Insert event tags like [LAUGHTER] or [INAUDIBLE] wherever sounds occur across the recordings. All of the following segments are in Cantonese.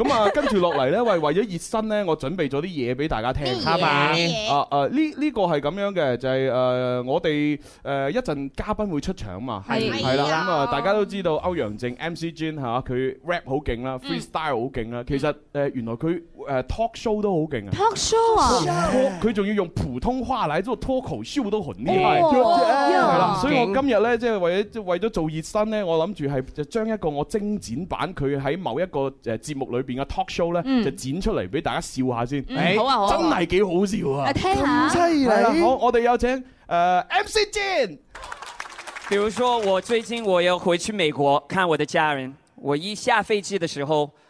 咁、 [LAUGHS] 嗯、啊，跟住落嚟呢，喂，為咗熱身呢，我準備咗啲嘢俾大家聽，係嘛？啊啊，呢呢、這個係咁樣嘅，就係、是、誒、呃，我哋誒、呃、一陣嘉賓會出場啊嘛，係啦，咁啊、嗯哎，大家都知道歐陽靖 MC Jin 嚇，佢 rap 好勁啦，freestyle 好勁啦，其實誒、呃、原來佢。誒、uh,，talk show 都好勁啊！talk show 啊，佢仲要用普通話嚟做 talk show 都好叻。哦、oh, yeah. yeah.，yeah. 所以我今日咧，即、就、係、是、為咗為咗做熱身咧，我諗住係就將一個我精剪版佢喺某一個誒節、呃、目裏邊嘅 talk show 咧，mm. 就剪出嚟俾大家笑下先。嗯、mm. 欸啊，好啊，好啊，真係幾好笑啊！聽下、uh, 啊，係、啊、好，我哋有請誒、uh,，MC Jin。比如說我最近我要回去美國看我的家人，我一下飛機的時候。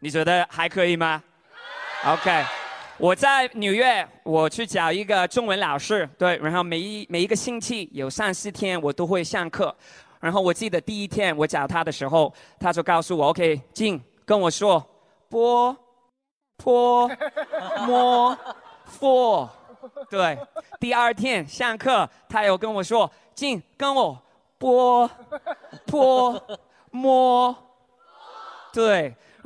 你覺得還可以嗎？OK，我在紐約，我去找一個中文老師，對，然後每一每一個星期有三四天我都會上課，然後我記得第一天我找他的時候，他就告訴我 OK，進，跟我說波潑摸佛對，第二天上課他又跟我說，進，跟我波潑摸，對。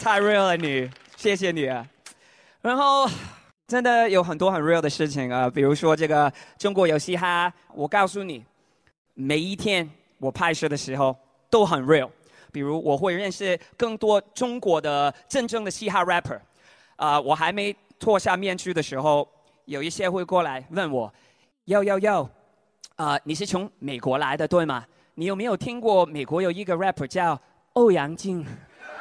太 real 了你，謝謝你。啊。然後真的有很多很 real 的事情啊、呃，比如說這個中國有嘻哈，我告訴你，每一天我拍攝的時候都很 real。比如我會認識更多中國的真正的嘻哈 rapper、呃。啊，我還沒脫下面具的時候，有一些會過來問我，呦呦呦，啊，你是從美國來的對嗎？你有沒有聽過美國有一個 rapper 叫歐陽靖？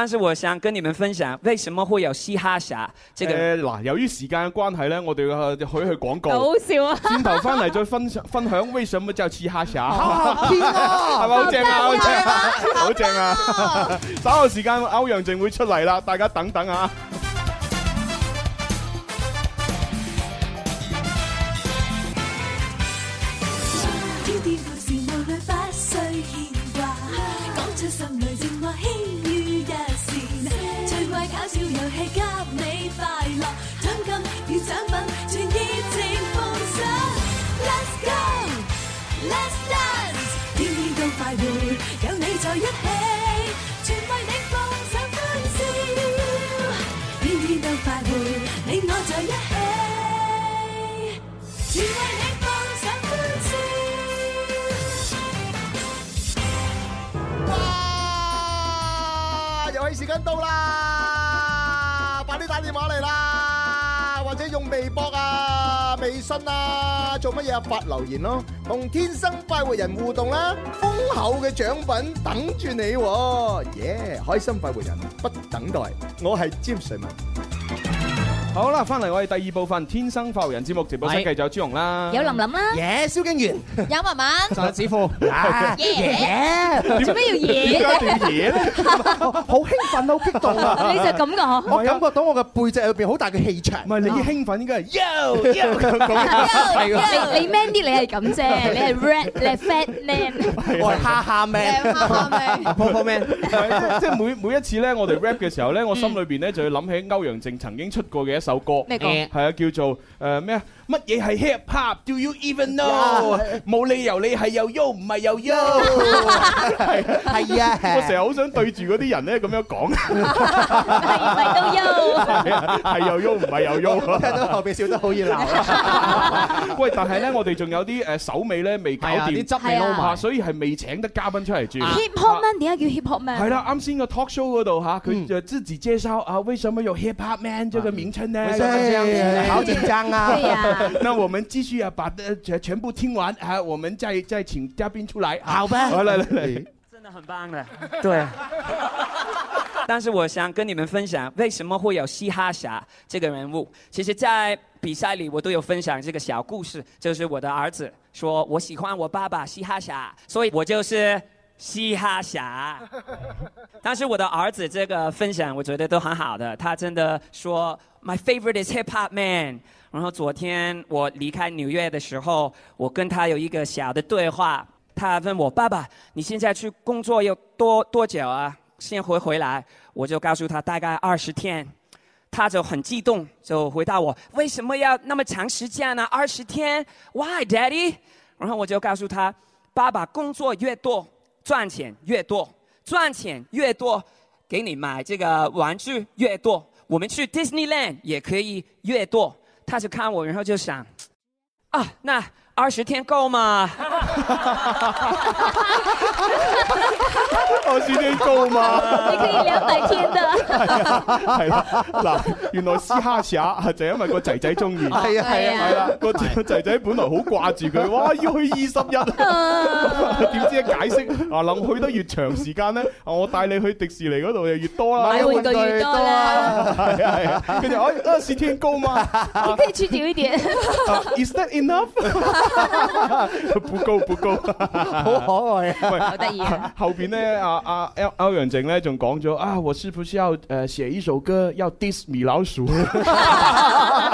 但是我想跟你們分享，為什麼會有嘻哈俠，呃？誒，嗱，由於時間嘅關係咧，我哋要去廣告，轉頭翻嚟再分享分享為什麼叫「嘻哈俠？好，係咪好正啊，好正啊，正啊正啊 [LAUGHS] 稍後時間歐陽靖會出嚟啦，大家等等啊。緊到啦，快啲打電話嚟啦，或者用微博啊、微信啊，做乜嘢啊？發留言咯，同天生快活人互動啦，豐厚嘅獎品等住你，耶！開心快活人，不等待，我係詹瑞文。好啦，翻嚟我哋第二部分《天生浮人》節目直播室，繼續有朱紅啦，有林林啦，耶！蕭敬元，有文文，仲有子富，耶耶！做咩要耶？點解要耶咧？好興奮，好激動啊！你就咁講，我感覺到我嘅背脊入邊好大嘅氣場。唔係你興奮應該係 Yo Yo，係啊！你你 man 啲，你係咁啫，你係 rap，你係 fat man？我係哈哈 man，哈哈 man，po po man。即係每每一次咧，我哋 rap 嘅時候咧，我心裏邊咧就要諗起歐陽靖曾經出過嘅。一首歌，咩係啊，叫做誒咩啊？乜嘢係 hip hop？Do you even know？冇理由你係又喐唔係又喐？係啊，我成日好想對住嗰啲人咧咁樣講。係咪都喐？係啊，係又喐唔係又喐？聽到後面笑得好熱鬧。喂，但係咧，我哋仲有啲誒首尾咧未搞掂啲執所以係未請得嘉賓出嚟住。Hip hop man 點解叫 hip hop man？係啦，啱先個 talk show 嗰度吓，佢就自己介紹啊，為什麼有 hip hop man 這個名稱？ [NOISE] [NOISE] 好緊張啊！那我們繼續啊，把這全部聽完啊，我們再再請嘉賓出來。好吧，來，來,來， [NOISE] 真的很棒的。對， [LAUGHS] 但是我想跟你們分享，為什麼會有嘻哈俠這個人物？其實，在比賽裏我都有分享這個小故事，就是我的兒子說我喜歡我爸爸嘻哈俠，所以我就是嘻哈俠。但是我的兒子這個分享，我覺得都很好的，他真的說。My favorite is Hip Hop Man。然後昨天我離開紐約的時候，我跟他有一個小的對話，他問我：爸爸，你現在去工作有多多久啊？先回回來，我就告訴他大概二十天。他就很激動，就回答我：為什麼要那麼長時間呢、啊？二十天？Why, Daddy？然後我就告訴他：爸爸工作越多，賺錢越多，賺錢越多，給你買這個玩具越多。我們去 Disneyland 也可以越多，他就看我，然後就想，啊，那二十天夠嗎？ [LAUGHS] [LAUGHS] 我是天高嘛，你可以兩百天的。係啦，嗱，原來嘻哈士亞就是，因為個仔仔中意。係 [LAUGHS] 啊係啊係啦，個仔仔本來好掛住佢，哇要去二十日。點知解釋啊？能、啊啊、去得越長時間咧，我帶你去迪士尼嗰度就越多啦。買玩具越多 [LAUGHS] 啊。係啊係啊。跟住我二十天夠嗎？可以持久一點。Is that enough？ [LAUGHS] [LAUGHS] [LAUGHS] 好可愛、啊 [LAUGHS] 喂，好得意、啊 [LAUGHS] 啊。後邊咧，阿阿歐歐陽靖咧仲講咗啊，我是不是要誒寫、呃、一首歌，要 diss 米老鼠。 [LAUGHS] [LAUGHS]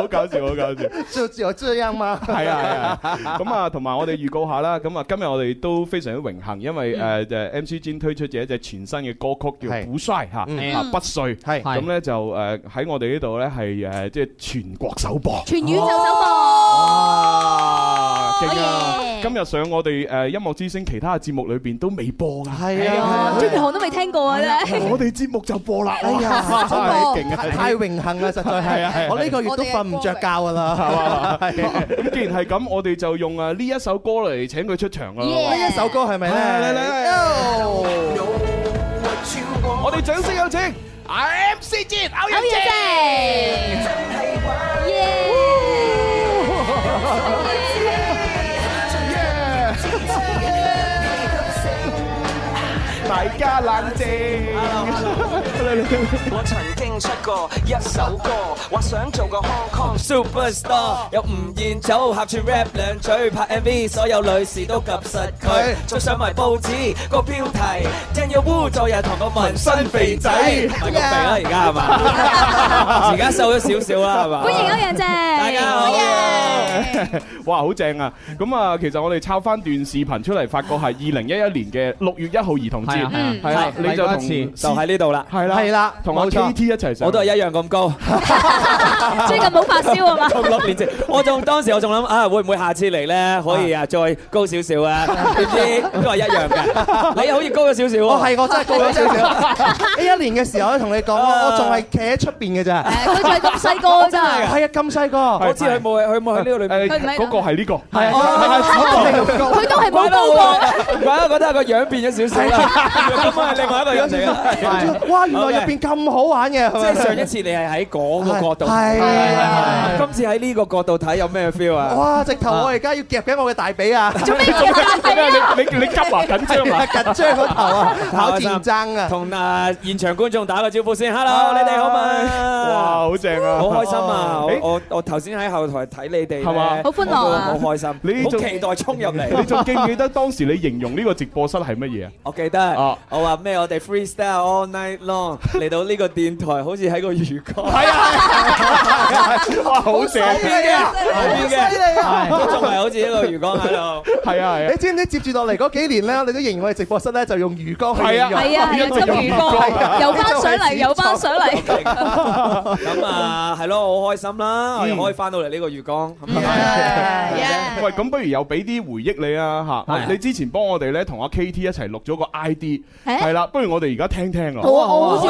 好搞笑，好搞笑，就只有這樣嗎？係啊，係啊，咁啊，同埋我哋預告下啦。咁啊，今日我哋都非常之榮幸，因為誒誒 MC Jin 推出咗一隻全新嘅歌曲叫《古衰》吓，不碎。係咁咧，就誒喺我哋呢度咧係誒即係全國首播，全宇宙首播。勁啊！今日上我哋誒音樂之星其他嘅節目裏邊都未播㗎，係啊，張學寒都未聽過㗎啫。我哋節目就播啦！哎呀，真係勁啊，太榮幸啦，實在係啊！我呢個月都瞓。唔著教噶啦，係嘛？咁既然係咁，我哋就用啊呢一首歌嚟請佢出場咯。呢一首歌係咪咧？我哋掌聲有請 MC Jin 歐陽靖。大家冷靜。我曾經出過一首歌，話想做個 Hong Kong Superstar，有吳彥祖合住 rap 兩嘴，拍 MV 所有女士都及實佢，再上埋報紙個標題，聽要污助人同個紋身肥仔，唔係咁肥啦，而家係嘛？而家瘦咗少少啦，係嘛？歡迎歐陽靖，大家好，哇，好正啊！咁啊，其實我哋抄翻段視頻出嚟，發覺係二零一一年嘅六月一號兒童節，係啊，你就同就喺呢度啦，係啦。係啦，同我 KT 一齊上，我都係一樣咁高。最近冇發燒啊嘛？咁變節，我仲當時我仲諗啊，會唔會下次嚟咧可以啊再高少少啊？唔知都係一樣嘅。你又好似高咗少少喎。係，我真係高咗少少。呢一年嘅時候咧，我同你講啊，我仲係企喺出邊嘅咋。佢就係咁細個咋。係啊，咁細個。我知佢冇係佢冇喺呢個裏面。嗰個係呢個。係啊，係。佢都係冇高過。反而覺得個樣變咗少少啦。咁啊，係另外一個陰影啦。哇！入邊咁好玩嘅，即係上一次你係喺嗰個角度，係啊，今次喺呢個角度睇有咩 feel 啊？哇！直頭我而家要夾緊我嘅大髀啊！你你急啊，緊張啊，緊張嗰頭啊，考戰爭啊！同啊現場觀眾打個招呼先，哈囉，你哋好唔好啊？哇！好正啊！好開心啊！我我頭先喺後台睇你哋係嘛？好歡樂啊！好開心，好期待衝入嚟！你仲記唔記得當時你形容呢個直播室係乜嘢啊？我記得啊，我話咩？我哋 freestyle all night long。嚟到呢個電台，好似喺個魚缸。係啊，哇，好犀利嘅，犀利嘅，都仲係好似一個魚缸。喺度。係啊係啊。你知唔知接住落嚟嗰幾年咧，你都仍然我哋直播室咧就用魚缸。係啊係啊，金魚缸，有翻水嚟，有翻水嚟。咁啊，係咯，好開心啦，我又可以翻到嚟呢個魚缸。係啊，喂，咁不如又俾啲回憶你啊嚇。你之前幫我哋咧同阿 KT 一齊錄咗個 ID，係啦，不如我哋而家聽聽咯。好啊。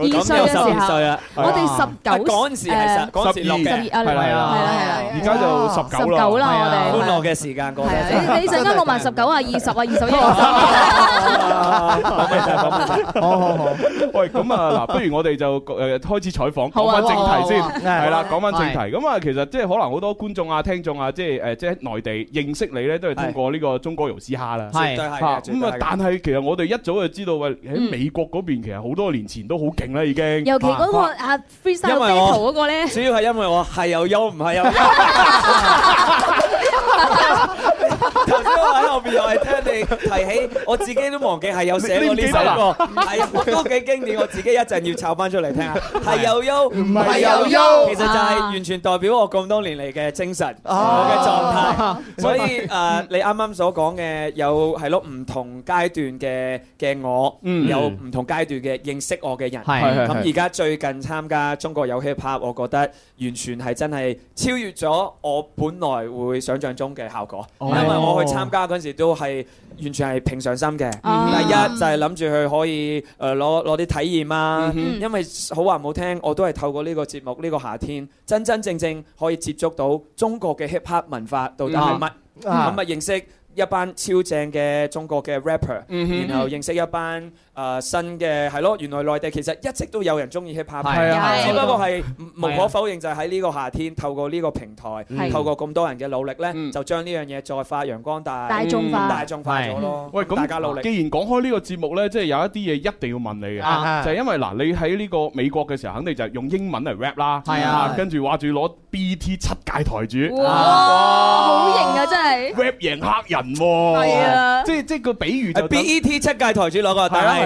二十歲嘅時候，我哋十九。嗰陣時係十，嗰陣時六嘅，係啊係啊，而家就十九啦，歡樂嘅時間過嚟。你陣間過埋十九啊，二十啊，二十一。好好好，喂，咁啊嗱，不如我哋就誒開始採訪，講翻正題先，係啦，講翻正題。咁啊，其實即係可能好多觀眾啊、聽眾啊，即係誒，即係內地認識你咧，都係通過呢個《中國有嘻哈》啦。係啊，咁啊，但係其實我哋一早就知道喂，喺美國嗰邊其實好多年前都好勁。已經，尤其、嗰個啊 freestyle 咧，主要係因為我係有優唔係優。 [LAUGHS] [LAUGHS] 頭先 [LAUGHS] 我喺後面又係聽你提起，我自己都忘記係有寫過呢首歌。係都幾經典。我自己一陣要抄翻出嚟聽下。係有唔係有憂。有有其實就係完全代表我咁多年嚟嘅精神、啊、我嘅狀態。啊、所以誒，uh, 你啱啱所講嘅有係咯，唔同階段嘅嘅我，有唔同階段嘅認識我嘅人。咁而家最近參加中國有嘻哈，我覺得完全係真係超越咗我本來會想象中嘅效果，因為我。去參加嗰陣時都係完全係平常心嘅，第、mm hmm. 一就係諗住去可以誒攞攞啲體驗啊，mm hmm. 因為好話唔好聽，我都係透過呢個節目，呢、呢個夏天真真正正可以接觸到中國嘅 hip hop 文化到底係乜，咁啊、mm hmm. 嗯、認識一班超正嘅中國嘅 rapper，、mm hmm. 然後認識一班。誒新嘅係咯，原來內地其實一直都有人中意 hip hop，只不過係無可否認就係喺呢個夏天透過呢個平台，透過咁多人嘅努力咧，就將呢樣嘢再發揚光大，大眾化大眾化咗咯。喂，咁大家努力，既然講開呢個節目咧，即係有一啲嘢一定要問你嘅，就係因為嗱，你喺呢個美國嘅時候，肯定就係用英文嚟 rap 啦，跟住話住攞 BET 七屆台主，好型啊！真係 rap 贏黑人，係啊，即係即係個比喻就 BET 七屆台主攞個，但係。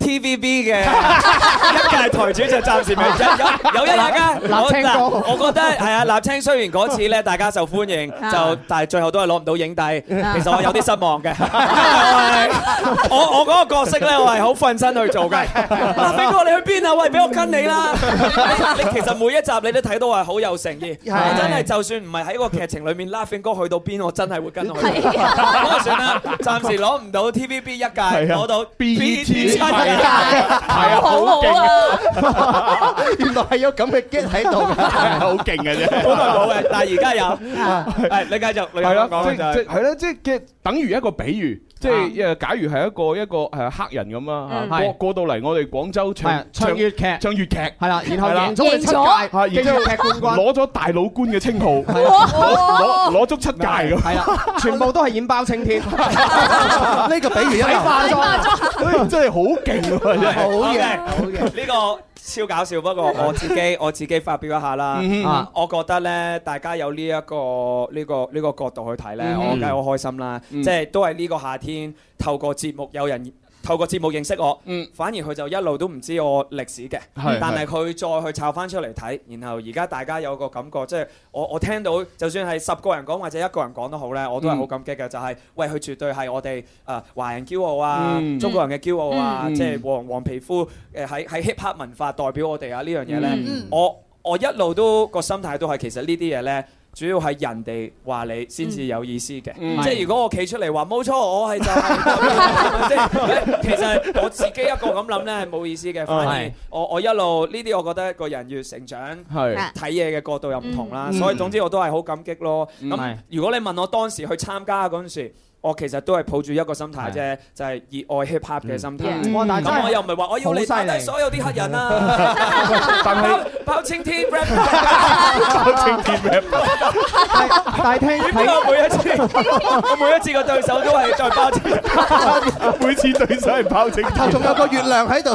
TVB 嘅一屆台主就暫時未有，有有啊！我覺得係啊，Laughing 雖然嗰次咧大家受歡迎，就但係最後都係攞唔到影帝，其實我有啲失望嘅。我我嗰個角色咧，我係好奮身去做嘅。Laughing 哥你去邊啊？喂，俾我跟你啦，啊！你其實每一集你都睇到我係好有誠意，是我真係就算唔係喺個劇情裡面 Laughing 哥去到邊，我真係會跟落去。咁啊算啦，暫時攞唔到 TVB 一屆，攞到 BT 七。T。係啊，好勁啊，原來係有咁嘅 get 喺度，好勁嘅啫，好耐冇嘅，但係而家有，你繼續就係咯，即係係咯，即係嘅，等於一個比喻，即係誒，假如係一個一個誒黑人咁啊，過到嚟我哋廣州唱唱粵劇，唱粵劇係啦，然後贏咗，係，攞咗大老官嘅稱號，攞攞攞足七屆，係啦，全部都係演包青天，呢個比喻一流，真係好勁。好嘅，好嘅，呢個超搞笑。 [LAUGHS] 不過我自己 [LAUGHS] 我自己發表一下啦。啊、mm，hmm. 我覺得咧，大家有呢、呢、一個呢、呢個呢、呢個角度去睇咧，mm hmm. 我梗係好開心啦。Mm hmm. 即係都係呢個夏天，透過節目有人。透過節目認識我，嗯、反而佢就一路都唔知我歷史嘅。是但係佢再去摷翻出嚟睇，然後而家大家有個感覺，即、就、係、是、我我聽到，就算係十個人講或者一個人講都好咧，我都係好感激嘅。就係、是、喂，佢絕對係我哋誒、呃、華人驕傲啊，嗯、中國人嘅驕傲啊，即係、嗯、黃黃皮膚誒喺、呃、喺 hip hop 文化代表我哋啊樣呢樣嘢咧。嗯、我我一路都個心態都係其實呢啲嘢咧。主要係人哋話你先至有意思嘅，嗯、即係如果我企出嚟話冇錯，我係就係、 [LAUGHS] 就係，其實我自己一個咁諗呢係冇意思嘅。哦、反而我我一路呢啲，我覺得個人越成長，睇嘢嘅角度又唔同啦。嗯、所以總之我都係好感激咯。咁如果你問我當時去參加嗰陣時，我其實都係抱住一個心態啫，就係熱愛 hip hop 嘅心態。咁我又唔係話我要你晒所有啲黑人啊。但係包青天 rap，大廳睇我每一次，我每一次嘅對手都係再包青天，每次對手係包青天。頭仲有個月亮喺度。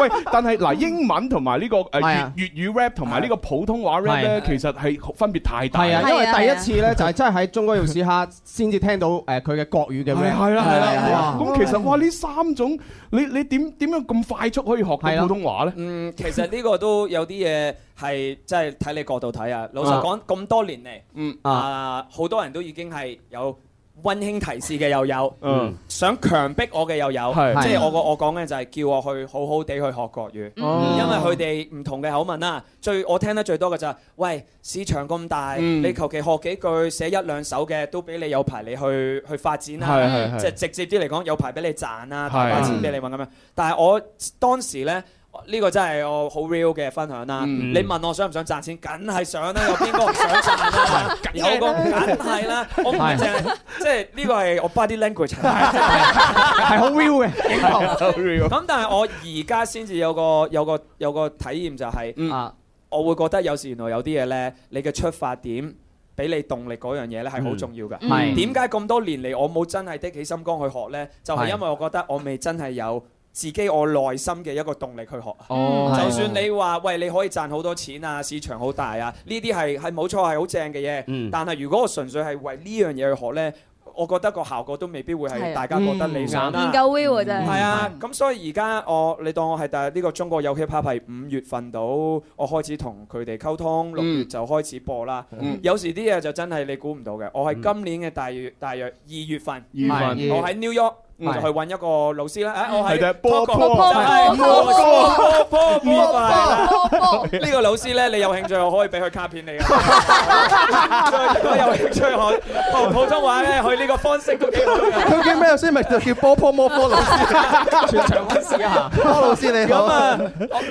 喂，但係嗱，英文同埋呢個誒粵粵語 rap 同埋呢個普通話 rap 咧，其實係分別太大。係啊，因為第一次咧就係真係喺中國要試下先至聽到。誒佢嘅國語嘅咩？係啦，係啦，咁其實哇，呢三種你你點點樣咁快速可以學到普通話咧？嗯， [MUSIC] [MUSIC] 其實呢個都有啲嘢係即係睇你角度睇啊。老實講，咁多年嚟，嗯啊，好多人都已經係有。溫馨提示嘅又有，嗯、想強迫我嘅又有，是即係我個我講嘅就係叫我去好好地去學國語。哦、因為佢哋唔同嘅口吻啦、啊。最我聽得最多嘅就係、是，喂，市場咁大，嗯、你求其學幾句寫一兩首嘅都俾你有排你去去發展啦、啊，即係直接啲嚟講有排俾你賺啊，大把錢俾你揾咁樣。啊嗯、但係我當時呢。呢個真係我好 real 嘅分享啦！你問我想唔想賺錢，梗係想啦！有邊個唔想賺啊？有個梗係啦，我唔正，即係呢個係我 body language，係好 real 嘅。咁但係我而家先至有個有個有個體驗，就係我會覺得有時原來有啲嘢咧，你嘅出發點俾你動力嗰樣嘢咧係好重要嘅。點解咁多年嚟我冇真係的起心肝去學咧？就係因為我覺得我未真係有。自己我內心嘅一個動力去學，oh, 就算你話喂你可以賺好多錢啊，市場好大啊，呢啲係係冇錯係好正嘅嘢。嗯、但係如果我純粹係為呢樣嘢去學呢，我覺得個效果都未必會係大家覺得理想研究 w h 真係係啊，咁所以而家我你當我係，大、這、呢個中國有 Hip Hop 係五月份到，我開始同佢哋溝通，六月就開始播啦。嗯嗯、有時啲嘢就真係你估唔到嘅。我係今年嘅大月，大約二月份，月份我喺 New York。我就去揾一個老師啦。誒，我係波波，波波波波波波，呢個老師咧，你有興趣我可以俾佢卡片你嘅。我有興趣學普通話咧，去呢個方式都幾好。佢叫咩老師？咪就叫波波摩波老師。全場都試下，波老師你好。咁啊，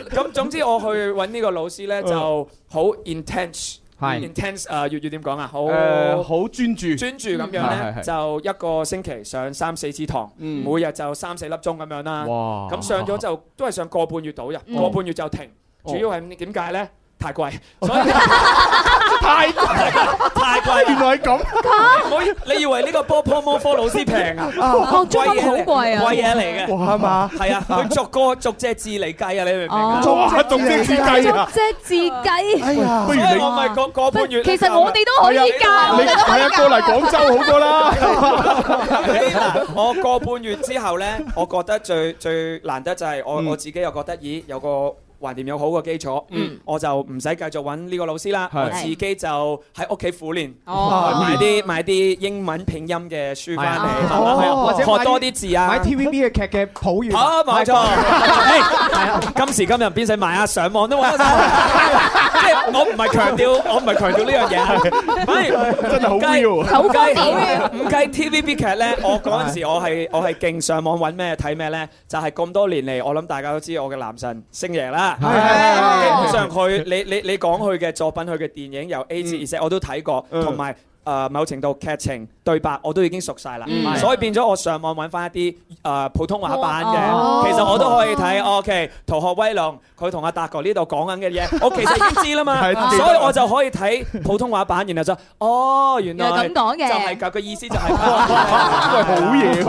咁總之我去揾呢個老師咧，就好 intense。係、mm, intense 啊，粵語點講啊？好、呃、好專注，專注咁樣咧，嗯、就一個星期上三四次堂，嗯、每日就三四粒鐘咁樣啦、啊。咁哇上咗就、啊、都係上個半月度啫，個、嗯、半月就停。哦、主要係點解咧？太貴，太太貴，原來係咁。唔好，你以為呢個波 promote 老師平啊？貴啊，好貴啊，貴嘢嚟嘅，係嘛？係啊，佢逐個逐隻字嚟計啊，你明唔明啊？哇，逐隻字計啊！逐隻字計，不如我咪個個半月。其實我哋都可以教，係啊，過嚟廣州好過啦。嗱，我個半月之後咧，我覺得最最難得就係我我自己又覺得，咦，有個。還掂有好嘅基礎，嗯，我就唔使繼續揾呢個老師啦，我自己就喺屋企苦練，買啲買啲英文拼音嘅書翻嚟，或者學多啲字啊，買 TVB 嘅劇嘅譜語，啊，冇錯，係啊，今時今日邊使買啊，上網都揾。我唔係強調，我唔係強調呢樣嘢，反而真係好好妙。唔計，唔計 TVB 劇咧，我嗰陣時我係我係勁上網揾咩睇咩咧，就係咁多年嚟，我諗大家都知我嘅男神星爺啦。基本上佢，你你你講佢嘅作品，佢嘅電影由 A 至 E 我都睇過，同埋。誒某程度劇情對白我都已經熟晒啦，所以變咗我上網揾翻一啲誒普通話版嘅，其實我都可以睇。O K，逃學威龍佢同阿達哥呢度講緊嘅嘢，我其實已經知啦嘛，所以我就可以睇普通話版，然後就哦，原來咁講嘅，就係佢意思，就係好嘢真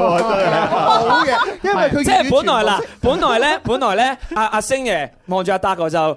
係好嘢，因為佢即係本來嗱，本來咧，本來咧，阿阿星爺望住阿達哥就。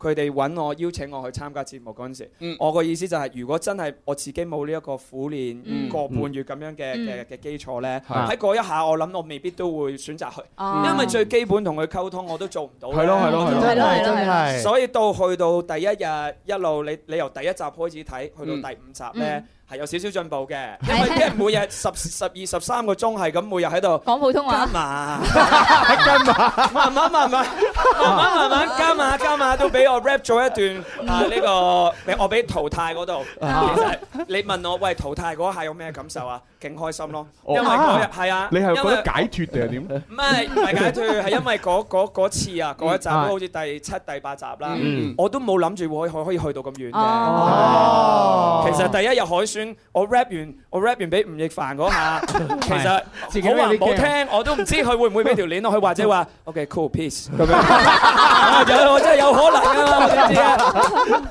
佢哋揾我邀請我去參加節目嗰陣時，嗯、我個意思就係、是，如果真係我自己冇呢一個苦練個半月咁樣嘅嘅嘅基礎呢，喺嗰、嗯、一下我諗我未必都會選擇去，嗯、因為最基本同佢溝通我都做唔到。係咯係咯係咯係咯係咯係，所以到去到第一日一路，你你由第一集開始睇，去到第五集呢。嗯嗯係有少少進步嘅，因為每日十十二十三個鐘係咁每日喺度講普通話吖嘛。慢慢慢慢慢慢慢慢加碼加碼，都俾我 rap 咗一段呢個，俾我俾淘汰嗰度。其實你問我，喂淘汰嗰下有咩感受啊？勁開心咯，因為嗰日係啊，你係覺得解脱定係點？唔係唔係解脱，係因為嗰次啊，嗰一集好似第七第八集啦，我都冇諗住會可可以去到咁遠嘅。其實第一日海選。我 rap 完，我 rap 完俾吳亦凡嗰下，其實好話唔好聽，我都唔知佢會唔會俾條鏈我，佢或者話 [MUSIC] OK cool peace 咁樣，有、 [LAUGHS] 啊、真係有可能啊。嘛？唔知啊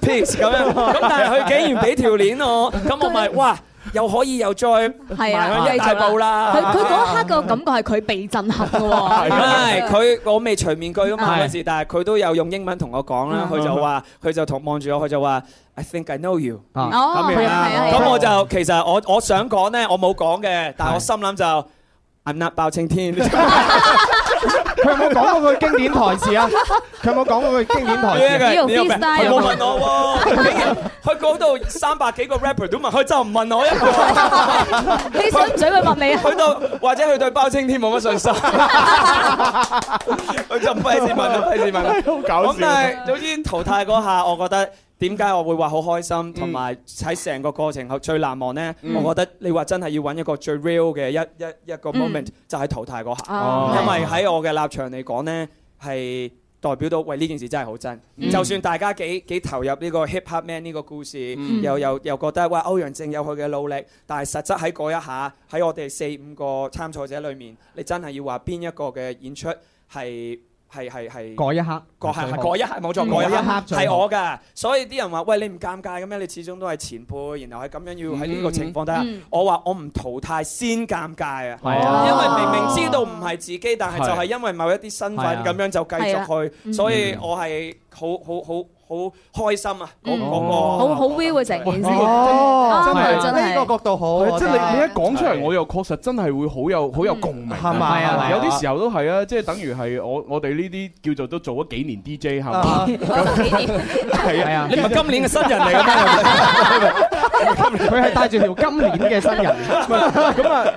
，peace 咁樣。咁但係佢竟然俾條鏈我，咁我咪哇！又可以又再啊，一大報啦！佢，佢嗰刻個感覺係佢被震撼嘅喎，唔係佢我未除面具嘛。嗰陣時，但係佢都有用英文同我講啦，佢就話佢就同望住我，佢就話 I think I know you 咁我就，其實我我想講咧，我冇講嘅，但係我心諗就 I'm not 包青天。佢有冇講過佢經典台詞啊？佢有冇講過佢經典台詞㗎？佢冇問我喎，佢嗰度三百幾個 rapper 都問，佢就唔問我一個。你使唔使佢問你啊？佢對或者佢對包青天冇乜信心。佢就唔費事問啦，費事問啦，好搞笑。咁但係最先淘汰嗰下，我覺得。點解我會話好開心？同埋喺成個過程後最難忘呢？嗯、我覺得你話真係要揾一個最 real 嘅一一一個 moment，、嗯、就係淘汰嗰下，哦、因為喺我嘅立場嚟講呢，係代表到喂呢件事真係好真。嗯、就算大家幾幾投入呢個 hip hop man 呢個故事，嗯、又又又覺得喂歐陽靖有佢嘅努力，但係實質喺嗰一下，喺我哋四五個參賽者裡面，你真係要話邊一個嘅演出係？係係係嗰一刻，嗰一刻，冇錯，嗰、嗯、一刻係我嘅，好所以啲人話：喂，你唔尷尬咁樣？你始終都係前輩，然後係咁樣要喺呢個情況底下，嗯嗯、我話我唔淘汰先尷尬啊！係啊，因為明明知道唔係自己，但係就係因為某一啲身份咁、啊、樣就繼續去，啊啊、所以我係好好好。好開心啊！嗰個好好 feel 喎，成件事，哦，真係真係呢個角度好，即係你你一講出嚟，我又確實真係會好有好有共鳴，係咪啊？有啲時候都係啊，即係等於係我我哋呢啲叫做都做咗幾年 DJ 係嘛，係啊，你唔係今年嘅新人嚟㗎咩？佢係戴住條金鏈嘅新人，咁啊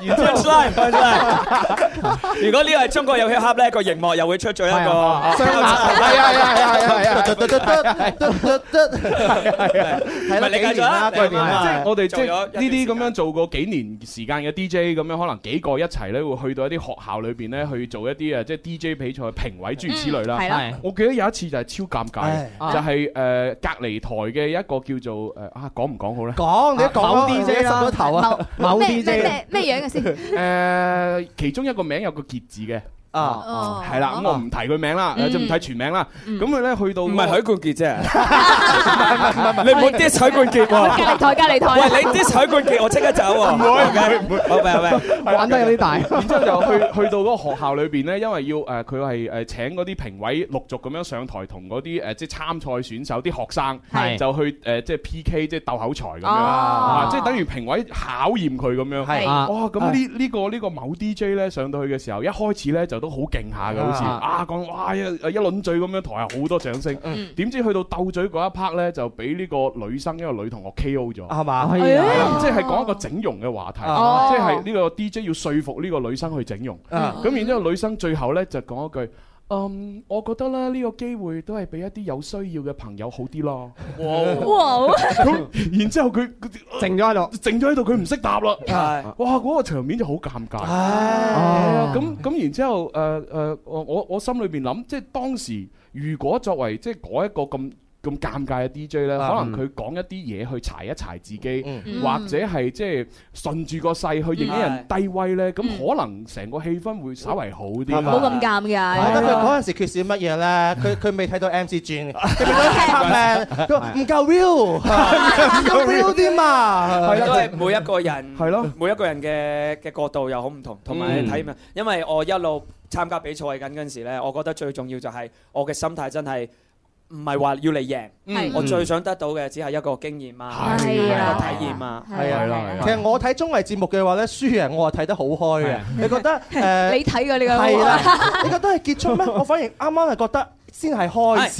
[LAUGHS] ，to, to, to, to [LAUGHS] 如果呢個係中國有嘻哈咧，個熒幕又會出咗一個，係啊係啊係啊係啊，係啊係係啊係啊，係咪幾年啊幾年啊？我哋做咗呢啲咁樣做過幾年時間嘅 DJ，咁樣可能幾個一齊咧，會去到一啲學校裏邊咧去做一啲啊即係 DJ 比賽評委諸如此類、嗯、啦。係我記得有一次就係超尷尬，對就係誒、呃、隔籬台嘅一個叫做誒啊講唔講好咧？講、哦、你講啲先啦，咩咩咩咩樣嘅先、啊？誒、 [LAUGHS] 呃，其中一個名有個傑字嘅。啊，係啦，咁我唔提佢名啦，就唔提全名啦。咁佢咧去到唔係許冠傑啫，你唔好踩許冠傑喎。隔離台，隔離台，喂你踩許冠傑，我即刻走喎。唔會唔會，唔會。玩得有啲大。然之後就去去到嗰個學校裏邊咧，因為要誒佢係誒請嗰啲評委陸續咁樣上台同嗰啲誒即係參賽選手啲學生，就去誒即係 PK 即係鬥口才咁樣，即係等於評委考驗佢咁樣。係啊，哇！咁呢呢個呢個某 DJ 咧上到去嘅時候，一開始咧就。都好勁下㗎，好似啊講、啊、哇呀一輪嘴咁樣，台下好多掌聲。點、嗯、知去到鬥嘴嗰一 part 呢，就俾呢個女生一個女同學 K.O. 咗，係嘛？即係講一個整容嘅話題，即係呢個 DJ 要説服呢個女生去整容。咁、啊、然之後女生最後呢就講一句。嗯，um, 我覺得咧呢、這個機會都係俾一啲有需要嘅朋友好啲咯。咁、哦哇哦、 [LAUGHS] 然之後佢靜咗喺度，靜咗喺度佢唔識答咯。係對 哇，嗰、那個場面就好尷尬。係啊，啊，咁咁、啊啊、然之後誒誒、呃呃，我我我心裏邊諗，即、就、係、是、當時如果作為即係嗰一個咁。咁尷尬嘅 DJ 咧，可能佢講一啲嘢去踩一踩自己，或者係即係順住個勢去認啲人低威咧，咁可能成個氣氛會稍為好啲。冇咁尷尬。覺得佢嗰陣時缺少乜嘢咧？佢佢未睇到 MC 轉，佢話唔夠 real，唔夠 real 啲嘛。係即係每一個人係咯，每一個人嘅嘅角度又好唔同，同埋體驗。因為我一路參加比賽緊嗰陣時咧，我覺得最重要就係我嘅心態真係。唔係話要嚟贏，係我最想得到嘅只係一個經驗啊，一個體驗啊，係啊。啊啊其實我睇綜藝節目嘅話咧，輸贏啊，我係睇得好、呃、開嘅、啊。你覺得誒？你睇嘅呢個，你覺得係結束咩？我反而啱啱係覺得。先係開始，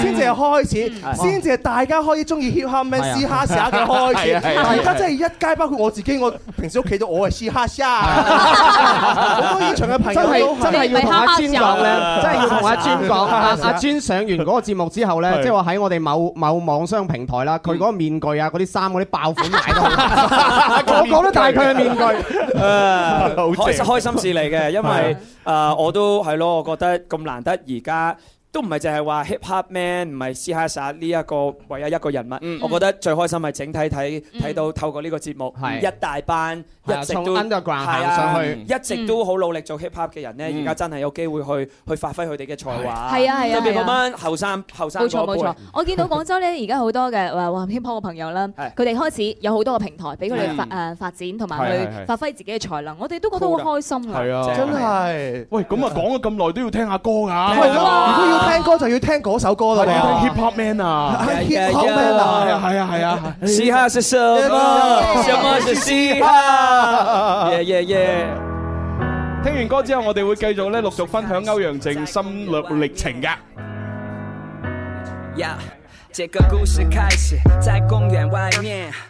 先至係開始，先至係大家可以中意 hip hop man 嘻哈俠嘅開始。而家真係一街，包括我自己，我平時屋企都我係嘻哈俠。好多現場嘅朋友真係要同阿尊講咧，真係要同阿尊講。阿尊上完嗰個節目之後咧，即係話喺我哋某某網商平台啦，佢嗰個面具啊，嗰啲衫嗰啲爆款買到，個個都戴佢嘅面具。開開心事嚟嘅，因為啊，我都係咯，我覺得咁難得而家。都唔係淨係話 hip hop man 唔係斯哈薩呢一個唯一一個人物，我覺得最開心係整體睇，睇到透過呢個節目，一大班一直都係啊，從 underground 上去，一直都好努力做 hip hop 嘅人咧，而家真係有機會去去發揮佢哋嘅才華。係啊係啊係啊！特別嗰班後生後生。冇錯冇錯，我見到廣州咧，而家好多嘅話哇 hip hop 嘅朋友啦，佢哋開始有好多個平台俾佢哋發誒發展同埋去發揮自己嘅才能，我哋都覺得好開心啊！係啊，真係喂咁啊，講咗咁耐都要聽下歌㗎。係啊，聽歌就要聽嗰首歌啦，啊、吧要聽 hip hop man 啊，係 hip hop man 啊，係啊係啊，試下 Sasa，Sasa，試下 y e a 聽完歌之後，我哋會繼續咧陸續分享歐陽靖心率歷程嘅。 [MUSIC]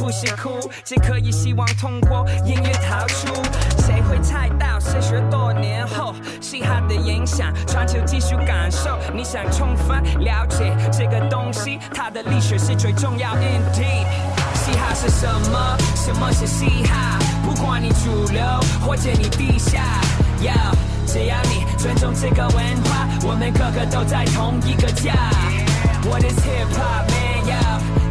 是哭，只可以希望通過音樂逃出。誰會猜到？自學多年後，嘻哈的影響，全球技術感受。你想充分了解這個東西，它的歷史是最重要 Indeed，嘻哈是什麼？什麼是嘻哈？不管你主流或者你地下，Yo，只要你尊重這個文化，我們個個都在同一個家。What is hip hop, man? Yo?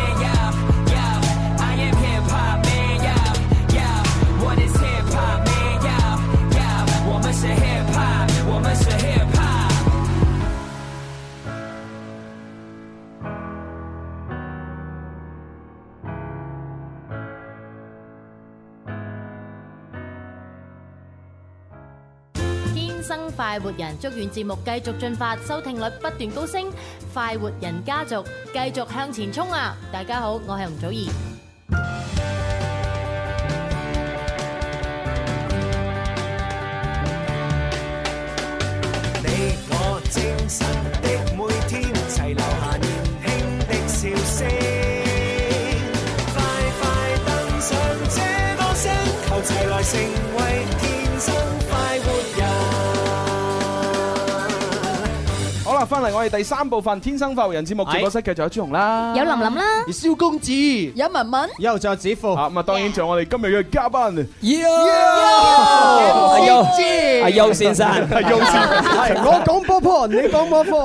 快活人，祝願節目繼續進發，收聽率不斷高升，快活人家族繼續向前衝啊！大家好，我係洪祖兒。翻嚟我哋第三部分《天生快活人》節目，直播室嘅仲有朱紅啦，有林林啦，而蕭公子，有文文，仲有子富。咁啊，當然就我哋今日嘅嘉賓。Yo！阿優，阿優先生，阿優先生，我講波波，你講波波，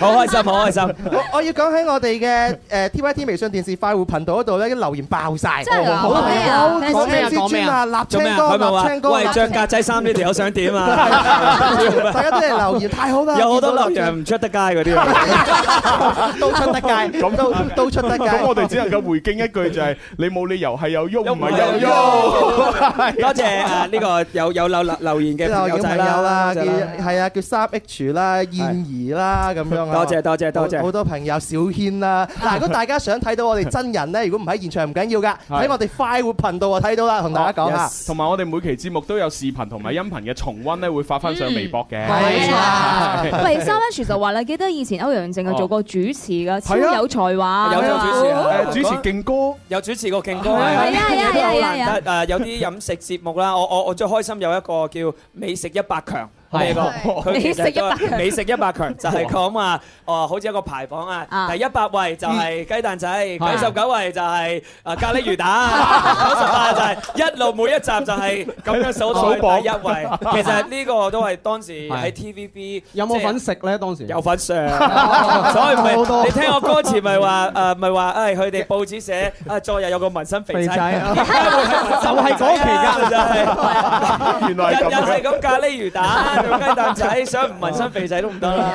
好開心，好開心。我要講喺我哋嘅誒 T Y T 微信電視快活頻道嗰度咧，啲留言爆曬，好聽啊，講咩啊？立咗咩啊？唱歌啊，喂，張格仔衫呢條友想點啊？大家都係留言太好啦，有好多。都係唔出得街嗰啲啊，都出得街，咁都都出得街。咁我哋只能夠回敬一句就係：你冇理由係有喐唔係有喐。多謝啊！呢個有有留留言嘅朋友啦，叫係啊叫三 H 啦，燕兒啦咁樣。多謝多謝多謝好多朋友小軒啦。嗱，如果大家想睇到我哋真人咧，如果唔喺現場唔緊要噶，喺我哋快活頻道就睇到啦，同大家講下啦。同埋我哋每期節目都有視頻同埋音頻嘅重温咧，會發翻上微博嘅。係啊。三翻事就話啦，記得以前歐陽靖係做過主持㗎，啊、超有才華。啊、有做主持，吧主持勁歌，有主持過勁歌，係啊係啊係啊！誒 [LAUGHS] [LAUGHS] [LAUGHS] 有啲飲食節目啦，我我我最開心有一個叫《美食一百強》。係個佢，其實都係美食一百強，就係講話哦，好似一個牌坊啊，係一百位就係雞蛋仔，九十九位就係啊咖喱魚蛋，九十八就係一路每一集就係咁樣數到去第一位。其實呢個都係當時喺 TVB 有冇份食咧？當時有份上，所以唔係好多你聽我歌詞咪話誒，咪話誒佢哋報紙寫啊，昨日有個紋身肥仔，就係嗰期間就係，原來係咁，又係咁咖喱魚蛋。雞蛋仔想唔紋身肥仔都唔得啦。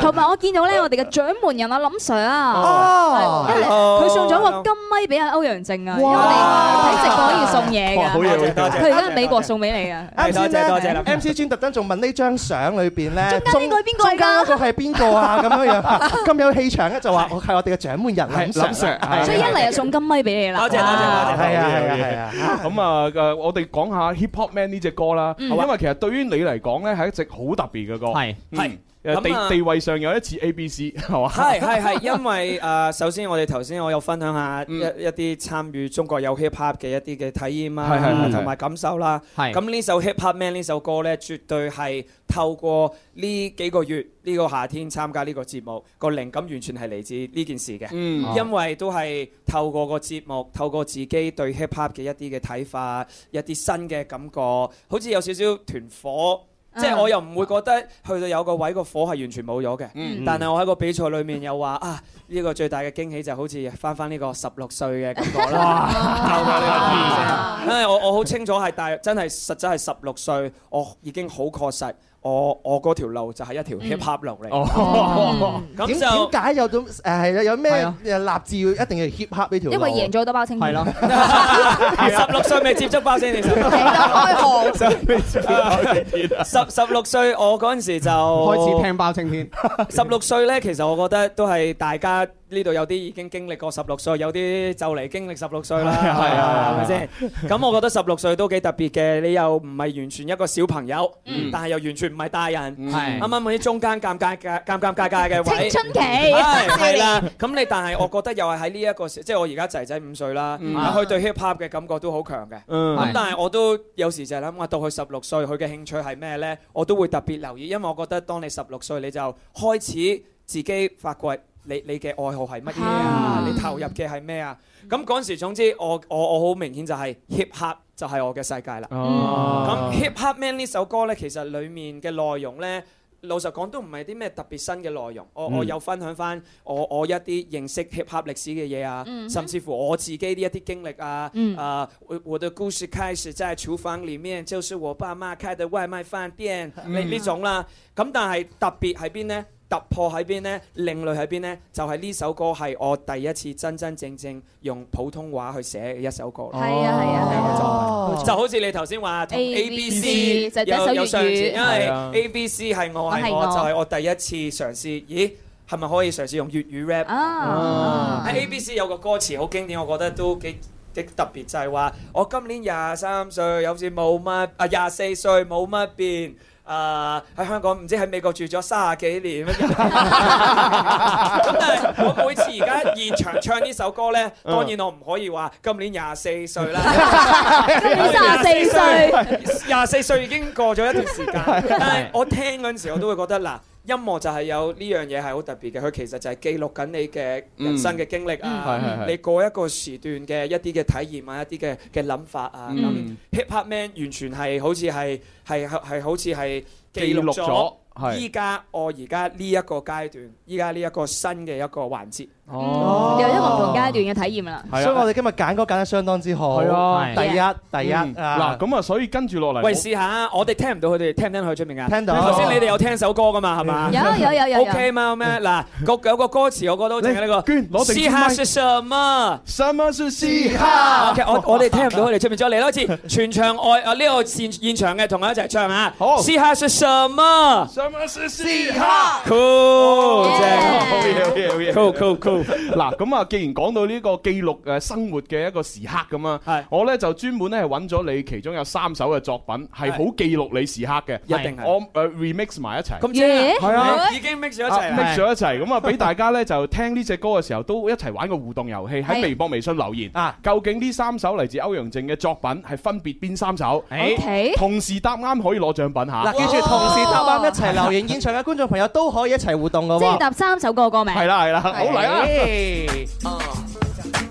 同埋我見到咧，我哋嘅掌門人阿林 Sir 啊，佢送咗個金咪俾阿歐陽靖啊。哇！睇直播要送嘢㗎，好嘢！多謝。佢而家係美國送俾你啊。多謝多謝啦。MC Jin 特登仲問呢張相裏邊咧，中間應該邊個㗎？中間嗰個係邊個啊？咁樣樣咁有氣場咧，就話我係我哋嘅掌門人林 Sir。所以一嚟就送金咪俾你啦。多謝多謝。係啊係啊。咁啊誒，我哋講下 Hip Hop Man 呢隻歌啦。因為其實對於你嚟講咧。係一首好特別嘅歌，係係地地位上有一次 A、B、C，係嘛？係係因為誒，首先我哋頭先我有分享下一啲參與中國有 hip hop 嘅一啲嘅體驗啊，同埋感受啦。咁呢首 hip hop man 呢首歌呢，絕對係透過呢幾個月呢個夏天參加呢個節目個靈感，完全係嚟自呢件事嘅。因為都係透過個節目，透過自己對 hip hop 嘅一啲嘅睇法，一啲新嘅感覺，好似有少少團火。即係我又唔會覺得去到有個位個火係完全冇咗嘅，嗯、但係我喺個比賽裡面又話、嗯、啊呢、呢個最大嘅驚喜就好似翻翻呢個十六歲嘅感覺啦，因為我我好清楚係大真係實質係十六歲，我已經好確實。我我嗰條路就係一條 hip hop 落嚟，咁點點解有種誒係啦？有咩立志一定要 hip hop 呢條路？因為贏咗好多包青天。係咯，十六歲未接觸包青天，就開學 [LAUGHS] 十， [LAUGHS] 十十六歲我嗰陣時就開始聽包青天。 [LAUGHS] 十六歲咧，其實我覺得都係大家。呢度有啲已經經歷過十六歲，有啲就嚟經歷十六歲啦，係啊，係咪先？咁我覺得十六歲都幾特別嘅，你又唔係完全一個小朋友，但係又完全唔係大人，係啱啱嗰啲中間尷尬尷尷尬嘅位。青春期係係啦，咁你但係我覺得又係喺呢一個，即係我而家仔仔五歲啦，佢對 Hip Hop 嘅感覺都好強嘅。咁但係我都有時就係諗，我到佢十六歲，佢嘅興趣係咩呢？我都會特別留意，因為我覺得當你十六歲，你就開始自己發掘。你你嘅愛好係乜嘢啊？ [NOISE] 你投入嘅係咩啊？咁嗰陣時，總之我我我好明顯就係 hip hop 就係我嘅世界啦。咁、嗯《嗯、Hip Hop Man》呢首歌咧，其實裡面嘅內容咧，老實講都唔係啲咩特別新嘅內容。我、嗯、我有分享翻我我一啲認識 hip hop 歷史嘅嘢啊，嗯、甚至乎我自己呢一啲經歷啊，嗯、啊，我我的故事開始在廚房裡面，就是我爸媽開的外賣飯店呢呢、嗯嗯、種啦。咁但係特別喺邊呢？突破喺邊呢？另類喺邊呢？就係、是、呢首歌係我第一次真真正正用普通話去寫嘅一首歌。係啊係啊，就好似你頭先話同 A B C 粵粵有相似，因為 A B C 係我係、啊、我就係、是、我第一次嘗試。咦，係咪可以嘗試用粵語 rap？喺、啊、 [NOISE] A B C 有個歌詞好經典，我覺得都幾幾特別，就係、是、話我今年廿三歲，好似冇乜啊廿四歲冇乜變。誒喺、呃、香港唔知喺美國住咗三十幾年，咁 [LAUGHS] [LAUGHS] 但係我每次而家現場唱呢首歌咧，當然我唔可以話今年廿四歲啦，今年廿四 [LAUGHS] 歲，廿四 [LAUGHS] 歲已經過咗一段時間， [LAUGHS] 但係我聽嗰陣時我都會覺得嗱。呃音樂就係有呢樣嘢係好特別嘅，佢其實就係記錄緊你嘅人生嘅經歷啊，嗯、你嗰一個時段嘅一啲嘅體驗啊，嗯、一啲嘅嘅諗法啊，咁、嗯、Hip Hop Man 完全係好似係係係好似係記錄咗依家我而家呢一個階段，依家呢一個新嘅一個環節。哦，又有唔同階段嘅體驗啦。所以我哋今日揀歌揀得相當之好。係啊，第一，第一。嗱，咁啊，所以跟住落嚟。喂，試下我哋聽唔到佢哋聽唔聽佢出面啊？聽到。頭先你哋有聽首歌噶嘛？係嘛？有有有有。OK 嗎？咩？嗱，個有個歌詞，我覺得都正嘅。呢個。娟。嘻哈是什麼？什麼是嘻哈？OK，我我哋聽唔到佢哋出面，再嚟多一次。全場愛啊！呢個現現場嘅同我一齊唱啊！好。嘻哈是什麼？什麼是嘻哈？Cool！Cool！Cool！Cool！Cool！嗱，咁啊，既然講到呢個記錄誒生活嘅一個時刻咁啊，我咧就專門咧係揾咗你其中有三首嘅作品，係好記錄你時刻嘅，一定係我誒 remix 埋一齊。咁耶？係啊，已經 mix 咗一齊，mix 咗一齊。咁啊，俾大家咧就聽呢隻歌嘅時候，都一齊玩個互動遊戲，喺微博、微信留言啊。究竟呢三首嚟自歐陽靖嘅作品係分別邊三首？OK。同時答啱可以攞獎品吓。嗱，記住同時答啱一齊留言，現場嘅觀眾朋友都可以一齊互動噶。即係答三首歌歌名。係啦係啦，好嚟啦！誒，哦，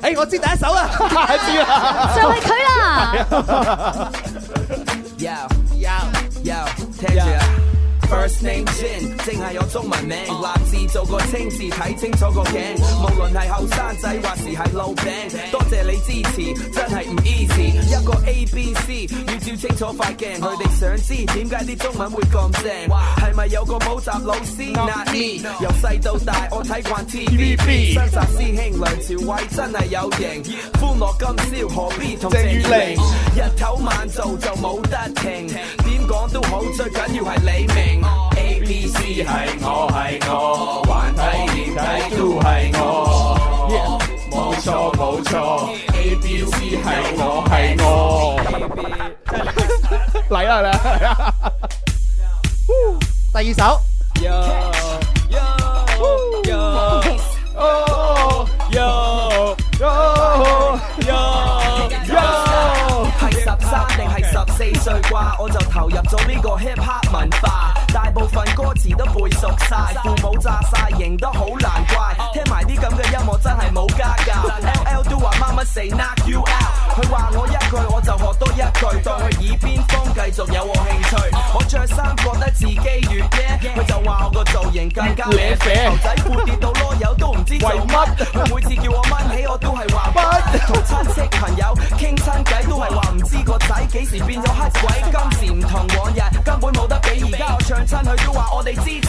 誒，我知第一首啦，快啲啦，就係佢啦。First name Jin，淨係我中文名。立志做個清字睇清楚個鏡。無論係後生仔或是係老餅，多謝你支持，真係唔 easy。一個 A B C，要照清楚塊鏡。佢哋想知點解啲中文會咁正，係咪有個補習老師？嗱 me 由細到大我睇慣 TVB。新紮師兄梁朝偉真係有型，歡樂今宵何必同鄭裕玲？日頭晚做就冇得停。嚟啦嚟啦！第二首，Yo Yo Yo Yo Yo Yo Yo，係十三定係十四歲啩？我就投入咗呢個 hip hop 文化。背熟晒，父母炸晒，型都好難怪。聽埋啲咁嘅音樂真係冇家教。LL 都話 Mama say knock you out，佢話我一句我就學多一句，當佢耳邊風繼續有我興趣。我着衫覺得自己越野，佢就話我個造型更加靚姐。牛仔褲跌到囉柚都唔知做乜，佢每次叫我掹起我都係話同親戚朋友傾親偈都係話唔知個仔幾時變咗黑鬼，今時唔同往日根本冇得比。而家我唱親佢都話我哋知。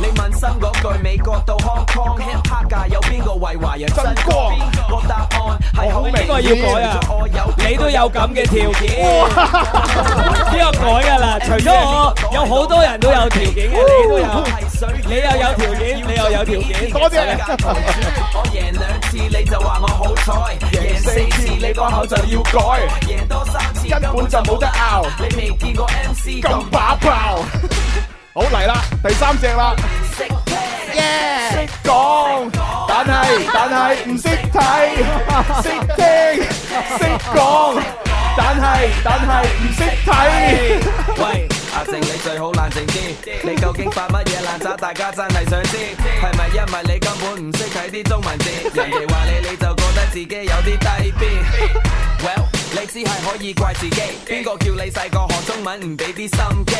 你問心嗰句美國到 Hong Kong park 價有邊個為華人爭光？答案？係好明呢個要改啊！你都有咁嘅條件，呢個改㗎啦。除咗我，有好多人都有條件嘅，你都有，你又有條件，你又有條件。我贏兩次你就話我好彩，贏四次你個口就要改，贏多三次根本就冇得拗，你未見過 MC 咁把炮！好嚟啦，第三隻啦，識 Yeah. 聽，識講，但係但係唔識睇，識聽，識講，但係但係唔識睇。 [LAUGHS] 喂，阿靜，你最好冷靜啲，你究竟發乜嘢爛渣？大家真係想知，係咪因為你根本唔識睇啲中文字？人哋話你，你就覺得自己有啲低 b。 [LAUGHS] 只係可以怪自己，邊個叫你細個學中文唔俾啲心機？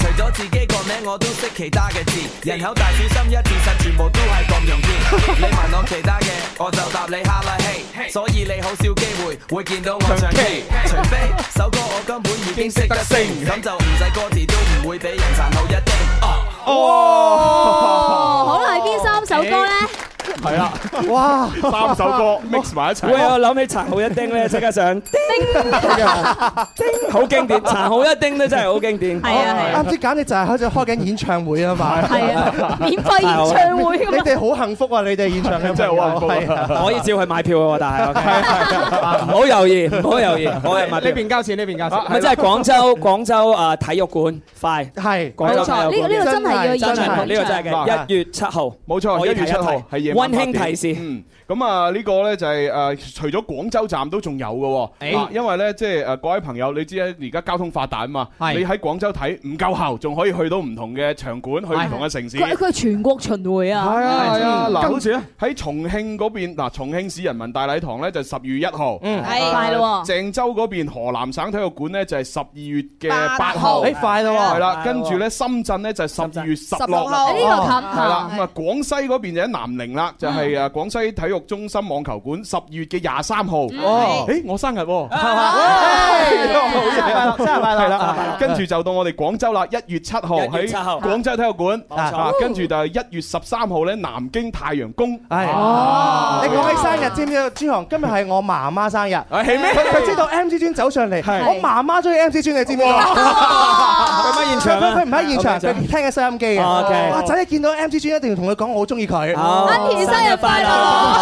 除咗自己個名我都識其他嘅字，人口大小心一字冊全部都係咁容易。你問我其他嘅，我就答你哈拉嘿。所以你好少機會會見到我唱 K，除非首歌我根本已經識得聲，咁就唔使歌詞，都唔會俾人殘留一丁。哦、啊 [MUSIC] [MUSIC] 啊，好耐邊三首歌呢？係啦，哇，三首歌 mix 埋一齊。我諗起《殘酷一叮》咧，即刻上叮，叮，好經典，《殘酷一叮》咧真係好經典。係啊係啊，啱先簡直就係開始開緊演唱會啊嘛，係啊，免費演唱會。你哋好幸福啊！你哋演唱會真係好幸福，可以照去買票喎，但係唔好猶豫，唔好猶豫，我係呢邊交錢，呢邊交錢。咪真係廣州廣州啊體育館快係廣州！呢個呢個真係要熱門，呢個真係嘅一月七號，冇錯，一月七號係溫馨提示。咁啊，呢個咧就係誒，除咗廣州站都仲有嘅，因為咧即係誒各位朋友，你知呀而家交通發達啊嘛，你喺廣州睇唔夠喉，仲可以去到唔同嘅場館，去唔同嘅城市。佢佢全國巡迴啊！係啊係啊，嗱，跟住咧喺重慶嗰邊，嗱重慶市人民大禮堂咧就十月一號，嗯係快咯。鄭州嗰邊河南省體育館咧就係十二月嘅八號，誒快咯，係啦。跟住咧深圳咧就係十二月十六號，係啦。咁啊廣西嗰邊就喺南寧啦，就係誒廣西體育中心網球館十二月嘅廿三號，哦，我生日喎，係，真係啦，啦，跟住就到我哋廣州啦，一月七號喺廣州體育館，跟住就係一月十三號咧，南京太陽宮，係，哦，你講起生日知唔知啊？朱華，今日係我媽媽生日，係咩？佢知道 M C 尊走上嚟，我媽媽中意 M C 尊你知唔知啊？唔喺現場咧，佢唔喺現場，佢聽緊收音機嘅，O K，仔你見到 M C 尊一定要同佢講，我好中意佢，阿田生日快樂。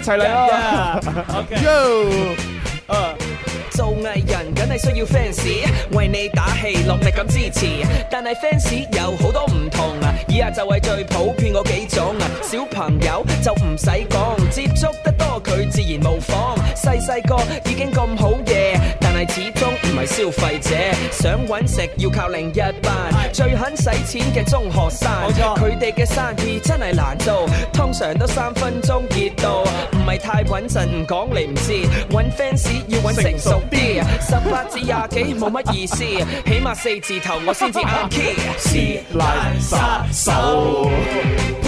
一齊嚟啊，Okay，做藝人梗係需要 fans，為你打氣落力咁支持。但係 fans 有好多唔同啊，以下就係最普遍嗰幾種啊。小朋友就唔使講，接觸得多佢自然模仿。細細個已經咁好嘢。Yeah. 係始終唔係消費者，想揾食要靠另一班，是最肯使錢嘅中學生，佢哋嘅生意真係難做，通常都三分鐘熱度，唔係太穩陣，唔講你唔知，揾 fans 要揾成熟啲，十八至廿幾冇乜意思， [LAUGHS] 起碼四字頭我先至啱 key，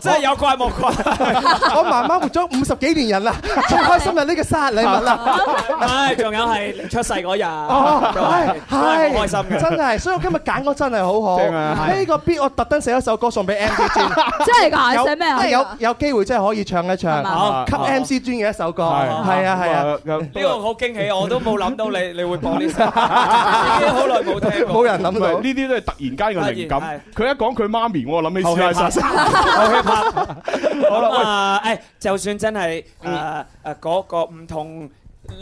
真係有怪冇怪，我媽媽活咗五十幾年人啦，最開心就呢個生日禮物啦。唉，仲有係出世嗰日，係，係，開心，真係。所以我今日揀我真係好好。呢個 B 我特登寫一首歌送俾 MC 尊，真係㗎？寫咩啊？有有機會真係可以唱一唱，給 MC 尊嘅一首歌。係啊係啊，呢個好驚喜，我都冇諗到你你會播呢首，好耐冇聽，冇人諗到，呢啲都係突然間嘅靈感。佢一講佢媽咪，我諗起。咁 [LAUGHS] 了喂啊！誒、哎，就算真係誒誒嗰個唔同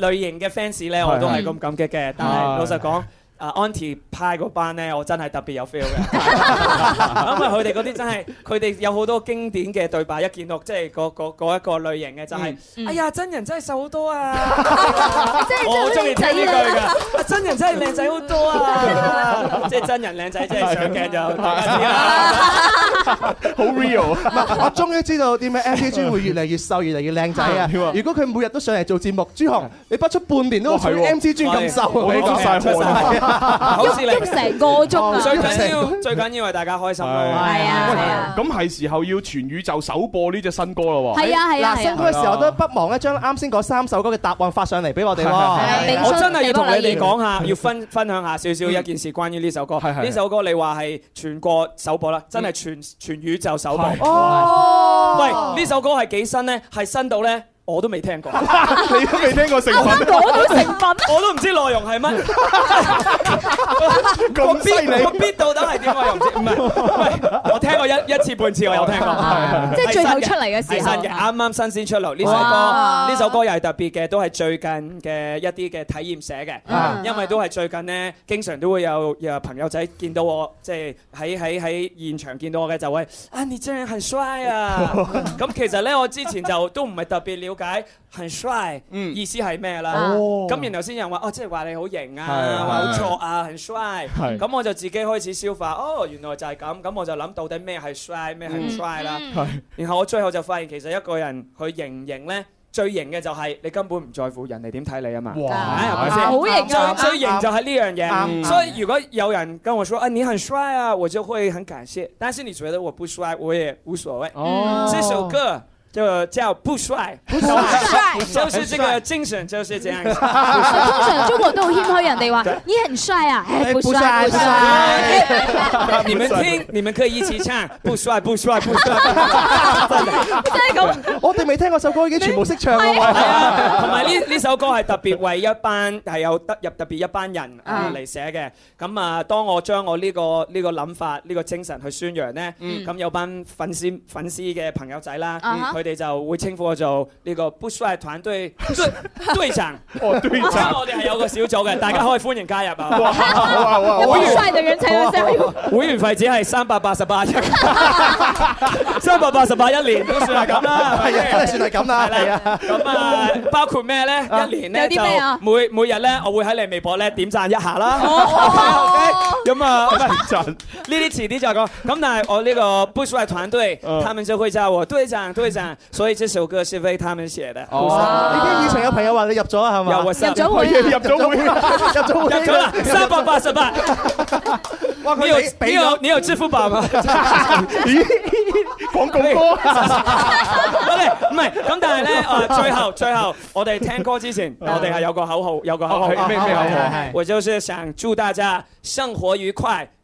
類型嘅 fans 咧，嗯、我都係咁感激嘅。但係老實講，啊，Auntie 派嗰班咧，我真係特別有 feel 嘅，因為佢哋嗰啲真係，佢哋有好多經典嘅對白，一見到即係嗰嗰嗰一個類型嘅就係，哎呀，真人真係瘦好多啊，我好鍾意聽呢句㗎，真人真係靚仔好多啊，即係真人靚仔，即係上鏡就係啦，好 real。唔係，我終於知道點解 MC Jin 會越嚟越瘦，越嚟越靚仔啊！如果佢每日都上嚟做節目，朱紅，你不出半年都似 MC Jin 咁瘦啊！我出曬汗。好似你成個鐘啊！最緊要最緊要係大家開心咯，啊，咁係時候要全宇宙首播呢隻新歌咯喎！係啊係啊！新歌嘅時候都不忘咧將啱先嗰三首歌嘅答案發上嚟俾我哋。我真係要同你哋講下，要分分享下少少一件事，關於呢首歌。呢首歌你話係全國首播啦，真係全全宇宙首播。喂，呢首歌係幾新咧？係新到咧？我都未聽過， [LAUGHS] 你都未聽過成品， [LAUGHS] [LAUGHS] 我都成品，我都唔知內容係乜。咁犀利，咁 bit 到底係點啊？我又唔知，唔唔係，我聽過一一次半次，我有聽過。即係最後出嚟嘅時候。新嘅，啱啱新鮮出爐呢首歌，呢首歌又係特別嘅，都係最近嘅一啲嘅體驗寫嘅。 [LAUGHS] 因為都係最近呢，經常都會有有朋友仔見到我，即係喺喺喺現場見到我嘅，就會啊、ah, 你真係係衰啊！咁 [LAUGHS] [LAUGHS] 其實咧，我之前就都唔係特別了解。解很帥，意思係咩啦？咁然後先有人話哦，即係話你好型啊，冇錯啊，很帥。咁我就自己開始消化，哦，原來就係咁。咁我就諗到底咩係帥，咩係帥啦。然後我最後就發現，其實一個人佢型唔型咧，最型嘅就係你根本唔在乎人哋點睇你啊嘛。係咪先？最最型就係呢樣嘢。所以如果有人跟我說啊，你很帥啊，我就會很感謝。但是你覺得我不帥，我也無所謂。這首歌。就叫不帥，不帥，就是這個精神就是這樣。通常中國都好謙虛，人哋話你很帥啊，唉，不帥，不帥。你們聽，你們可以一起唱，不帥，不帥，不帥。咁我哋未聽過首歌，已經全部識唱啦。同埋呢呢首歌係特別為一班係有得入特別一班人嚟寫嘅。咁啊，當我將我呢個呢個諗法、呢個精神去宣揚呢，咁有班粉絲粉絲嘅朋友仔啦，去。佢哋就會稱呼我做呢個不帥團隊隊長。哦隊長，我哋係有個小組嘅，大家可以歡迎加入啊！不帥嘅人才會加入，會員費只係三百八十八一，三百八十八一年都算係咁啦，係啊，算係咁啦，係啊。咁啊，包括咩咧？一年咧就每每日咧，我會喺你微博咧點贊一下啦。咁啊，呢啲遲啲就係講，咁但係我呢個不帥團隊，他們就會就係話隊長，隊所以這首歌是為他們寫的。哦，呢啲以前有朋友話，你入咗係嘛？入咗會，入咗會，入咗會，入咗啦，三百八十八。哇，佢有你有，你有支付寶嗎？廣告歌，唔係，唔係。咁但係咧，啊，最後，最後，我哋聽歌之前，我哋係有個口號，有個口號，咩咩口號？我就是想祝大家生活愉快。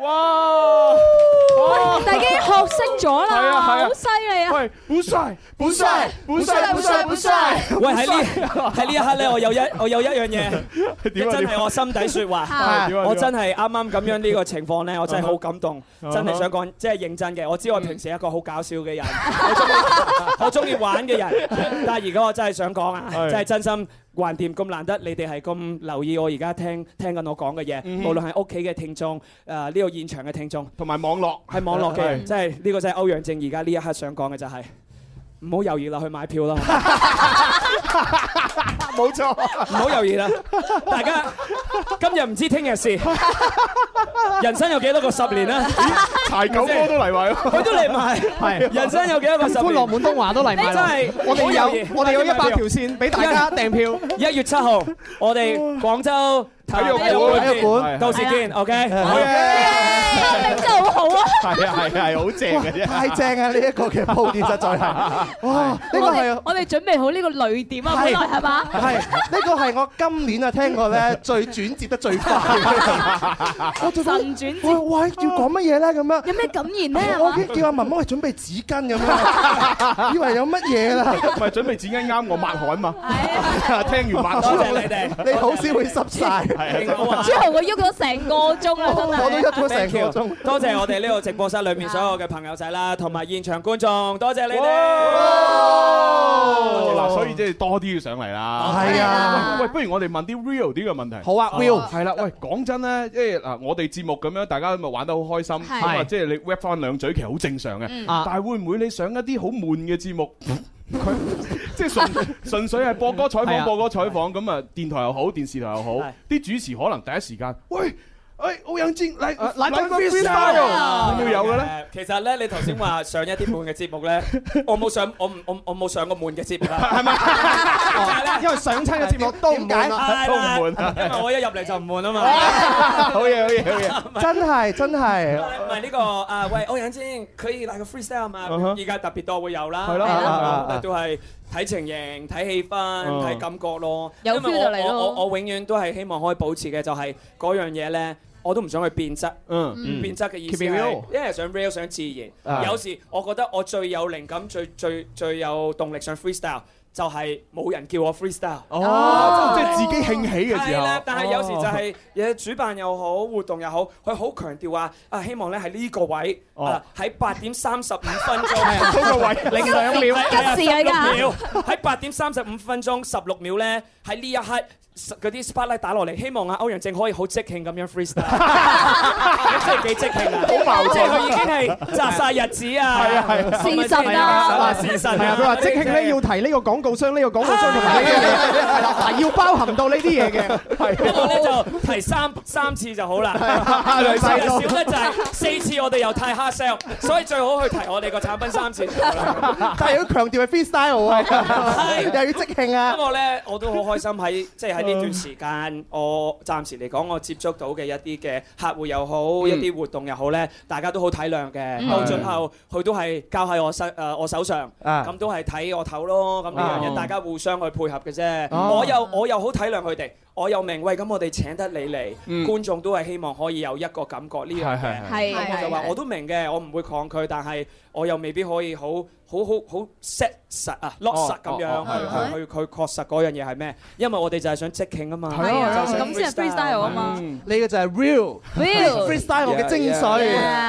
哇！喂，大家學識咗啦，好犀利啊！喂，本帥，本帥，本帥，本帥，本帥！喂，喺呢喺呢一刻咧，我有一我有一樣嘢，真係我心底説話。我真係啱啱咁樣呢個情況咧，我真係好感動，真係想講，即係認真嘅。我知我平時係一個好搞笑嘅人，好中意玩嘅人，但係如果我真係想講啊，真係真心。橫掂咁難得，你哋係咁留意我而家聽聽緊我講嘅嘢，嗯、哼無論係屋企嘅聽眾，誒呢個現場嘅聽眾，同埋網絡，係網絡嘅，即係呢個即係歐陽靖而家呢一刻想講嘅就係、是。唔好猶豫啦，去買票啦！冇 [LAUGHS] 沒錯，唔好猶豫啦，大家今日唔知聽日事，人生有幾多個十年啊？ [LAUGHS] 柴九哥都嚟埋咯，佢、就是、都嚟埋，係 [LAUGHS] 是人生有幾多個十年？歡樂滿東華都嚟埋，真係的 [LAUGHS] 我哋有我哋有一百條線俾 [LAUGHS] 大家訂票，一月七號我哋廣州。體育館，體育館，到時見，OK，OK，真係好啊，係啊係啊係，好正嘅啫，太正啊！呢一個其實鋪墊實在係哇，呢個係我哋準備好呢個雷點啊，係嘛？係呢個係我今年啊聽過咧最轉折得最快，我仲轉，喂，要講乜嘢咧？咁樣有咩感言咧？我先叫阿文文去準備紙巾咁樣，以為有乜嘢啦？唔係準備紙巾啱我抹汗嘛？係啊，聽完抹汗，你哋你好少會濕晒。係，之後我喐咗成個鐘啊！我都喐咗成個鐘。多謝我哋呢個直播室裏面所有嘅朋友仔啦，同埋現場觀眾，多謝你哋。嗱，所以即係多啲要上嚟啦。係啊，喂，不如我哋問啲 real 啲嘅問題。好啊，Will，係啦，喂，講真咧，即係嗱，我哋節目咁樣，大家咪玩得好開心，咁啊，即係你 rap 翻兩嘴，其實好正常嘅。但係會唔會你上一啲好悶嘅節目？佢 [LAUGHS] 即係純純粹係播歌採訪， [LAUGHS] 啊、播歌採訪咁啊！啊電台又好，電視台又好，啲、啊、主持可能第一時間。喂。誒歐陽靖嚟嚟個 freestyle 啊！要有嘅咧，其實咧，你頭先話上一啲悶嘅節目咧，我冇上，我唔我我冇上過悶嘅節目，係咪？因為上親嘅節目都唔悶，因為我一入嚟就唔悶啊嘛！好嘢好嘢好嘢！真係真係，唔係呢個啊？喂，歐陽靖，可以嚟個 freestyle 嘛？依家特別多會有啦，係咯，都係睇情形、睇氣氛、睇感覺咯。有 feel 就嚟咯。我我永遠都係希望可以保持嘅就係嗰樣嘢咧。我都唔想去變質，變質嘅意思因為想 real 想自然。有時我覺得我最有靈感、最最最有動力想 freestyle，就係冇人叫我 freestyle，即係自己興起嘅時候。但係有時就係嘢，主辦又好，活動又好，佢好強調話啊，希望咧喺呢個位，喺八點三十五分鐘嗰個位，零兩秒，秒，喺八點三十五分鐘十六秒咧，喺呢一刻。嗰啲 spotlight 打落嚟，希望阿歐陽靖可以好即興咁樣 freestyle，即係幾即興，啊！好矛盾，佢已經係砸晒日子啊！係啊係啊，事實啊，事實啊，佢話即興咧要提呢個廣告商，呢個廣告商同你，嗱要包含到呢啲嘢嘅，不過咧就提三三次就好啦，兩次少咧就係四次，我哋又太 hard sell，所以最好去提我哋個產品三次，但係要強調係 freestyle 啊，又要即興啊！不過咧我都好開心喺即係。喺呢段時間，我暫時嚟講，我接觸到嘅一啲嘅客戶又好，一啲活動又好咧，大家都好體諒嘅。到最後，佢都係交喺我手，誒，我手上咁都係睇我頭咯。咁呢樣嘢，大家互相去配合嘅啫。我又我又好體諒佢哋。我又明，喂，咁我哋請得你嚟，觀眾都係希望可以有一個感覺呢樣係係係就話我都明嘅，我唔會抗拒，但係我又未必可以好好好好 set 實啊，落實咁樣去去佢確實嗰樣嘢係咩？因為我哋就係想即興啊嘛，係就咁先係 freestyle 啊嘛。你嘅就係 real，real freestyle 嘅精髓。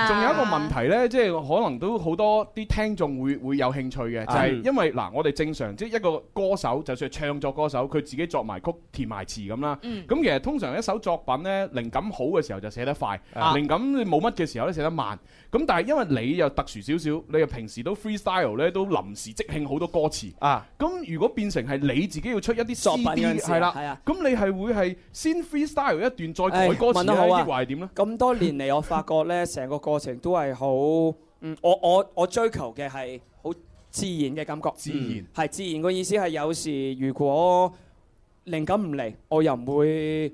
仲有一個問題咧，即係可能都好多啲聽眾會會有興趣嘅，就係因為嗱，我哋正常即係一個歌手，就算係唱作歌手，佢自己作埋曲填埋詞咁。啦，咁、嗯、其實通常一首作品呢，靈感好嘅時候就寫得快，啊、靈感冇乜嘅時候咧寫得慢。咁但係因為你又特殊少少，你又平時都 freestyle 咧，都臨時即興好多歌詞啊。咁如果變成係你自己要出一啲作品，係啦了，咁、啊、你係會係先 freestyle 一段再改歌詞咧，定話係點咧？咁、啊、多年嚟，我發覺呢，成 [LAUGHS] 個過程都係好，嗯，我我我追求嘅係好自然嘅感覺，自然係、嗯、自然嘅意思係有時如果，靈感唔嚟，我又唔會。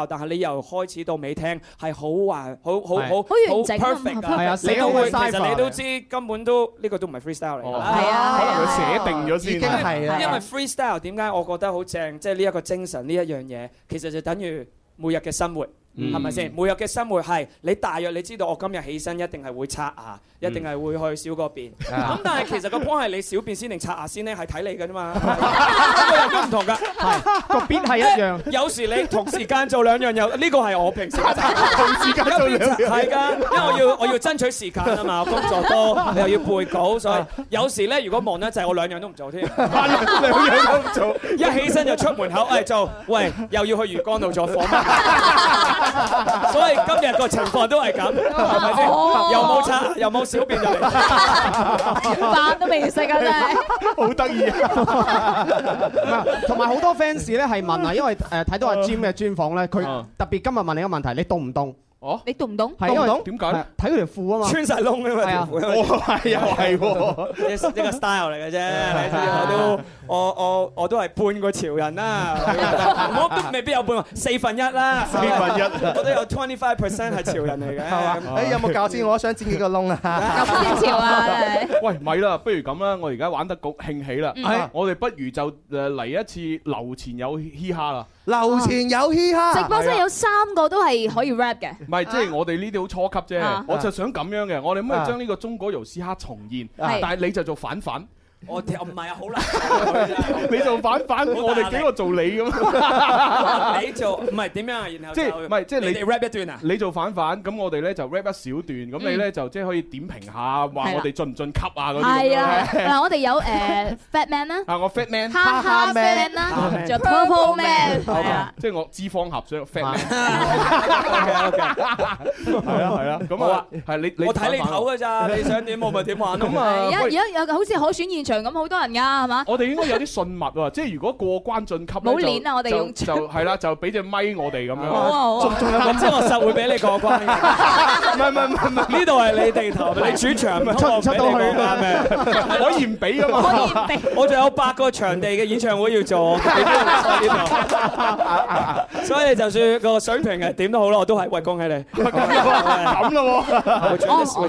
但係你由開始到尾聽係好滑好好好好 perfect 㗎，你都會其實你都知根本都呢個都唔係 freestyle 嚟，係啊，可能佢寫定咗先係啊，因為 freestyle 點解我覺得好正？即係呢一個精神呢一樣嘢，其實就等於每日嘅生活。係咪先？每日嘅生活係你大約你知道我今日起身一定係會刷牙，一定係會去小個便。咁但係其實個波係你小便先定刷牙先咧？係睇你㗎啫嘛。個又都唔同㗎，個邊係一樣。有時你同時間做兩樣又呢個係我平時。同時間做兩樣。係㗎，因為我要我要爭取時間啊嘛，工作多你又要背稿，所以有時咧如果忙咧就我兩樣都唔做添，兩樣都唔做。一起身就出門口，誒做，喂又要去魚缸度做火。 [LAUGHS] 所以今日個情況都係咁，係咪先？又冇擦，又冇小便，飯 [LAUGHS] [LAUGHS] 都未食啊！真 [LAUGHS] 係 [LAUGHS] 好得意啊！同埋好多 fans 咧係問啊，因為誒睇到阿 Jam 嘅專訪咧，佢特別今日問你一個問題：你凍唔凍？哦，你懂唔懂？懂唔懂？點解？睇佢條褲啊嘛，穿曬窿啊嘛，條褲啊嘛，係又係，呢個 style 嚟嘅啫。我都，我我我都係半個潮人啦，我都未必有半，四分一啦，四分一，我都有 twenty five percent 係潮人嚟嘅。誒，有冇教尖？我都想剪個窿啊，咁先潮啊！喂，咪啦，不如咁啦，我而家玩得咁興起啦，我哋不如就誒嚟一次流傳有嘻哈啦。流前有嘻哈，直播室有三個都係可以 rap 嘅。唔係，即係我哋呢啲好初級啫， [LAUGHS] 我就想咁樣嘅。我哋可以將呢個中國有嘻哈重現， [LAUGHS] 但係你就做反反。我我唔係啊，好啦，你做反反，我哋幾個做你咁。你做唔係點樣啊？然後即係唔係即係你 rap 一段啊？你做反反咁，我哋咧就 rap 一小段。咁你咧就即係可以點評下，話我哋進唔進級啊嗰啲。係啊，嗱，我哋有誒 fat man 啊，我 fat man，胖 man 啦，就 purple man 係啊，即係我脂肪俠，所以 fat man。係啊係啊，咁啊係你你我睇你頭㗎咋，你想點我咪點玩咯嘛。而家而家有好似可選現場。場咁好多人噶，係嘛？我哋應該有啲信物喎，即係如果過關進級冇鏈啊！我哋用就係啦，就俾隻咪我哋咁樣。好啊，仲有咁，即係我實會俾你過關。唔係唔係唔係，呢度係你地頭，你主場出出到去㗎咪？可以唔俾㗎嘛？我仲有八個場地嘅演唱會要做，所以就算個水平係點都好咯，我都係。喂，恭喜你咁㗎，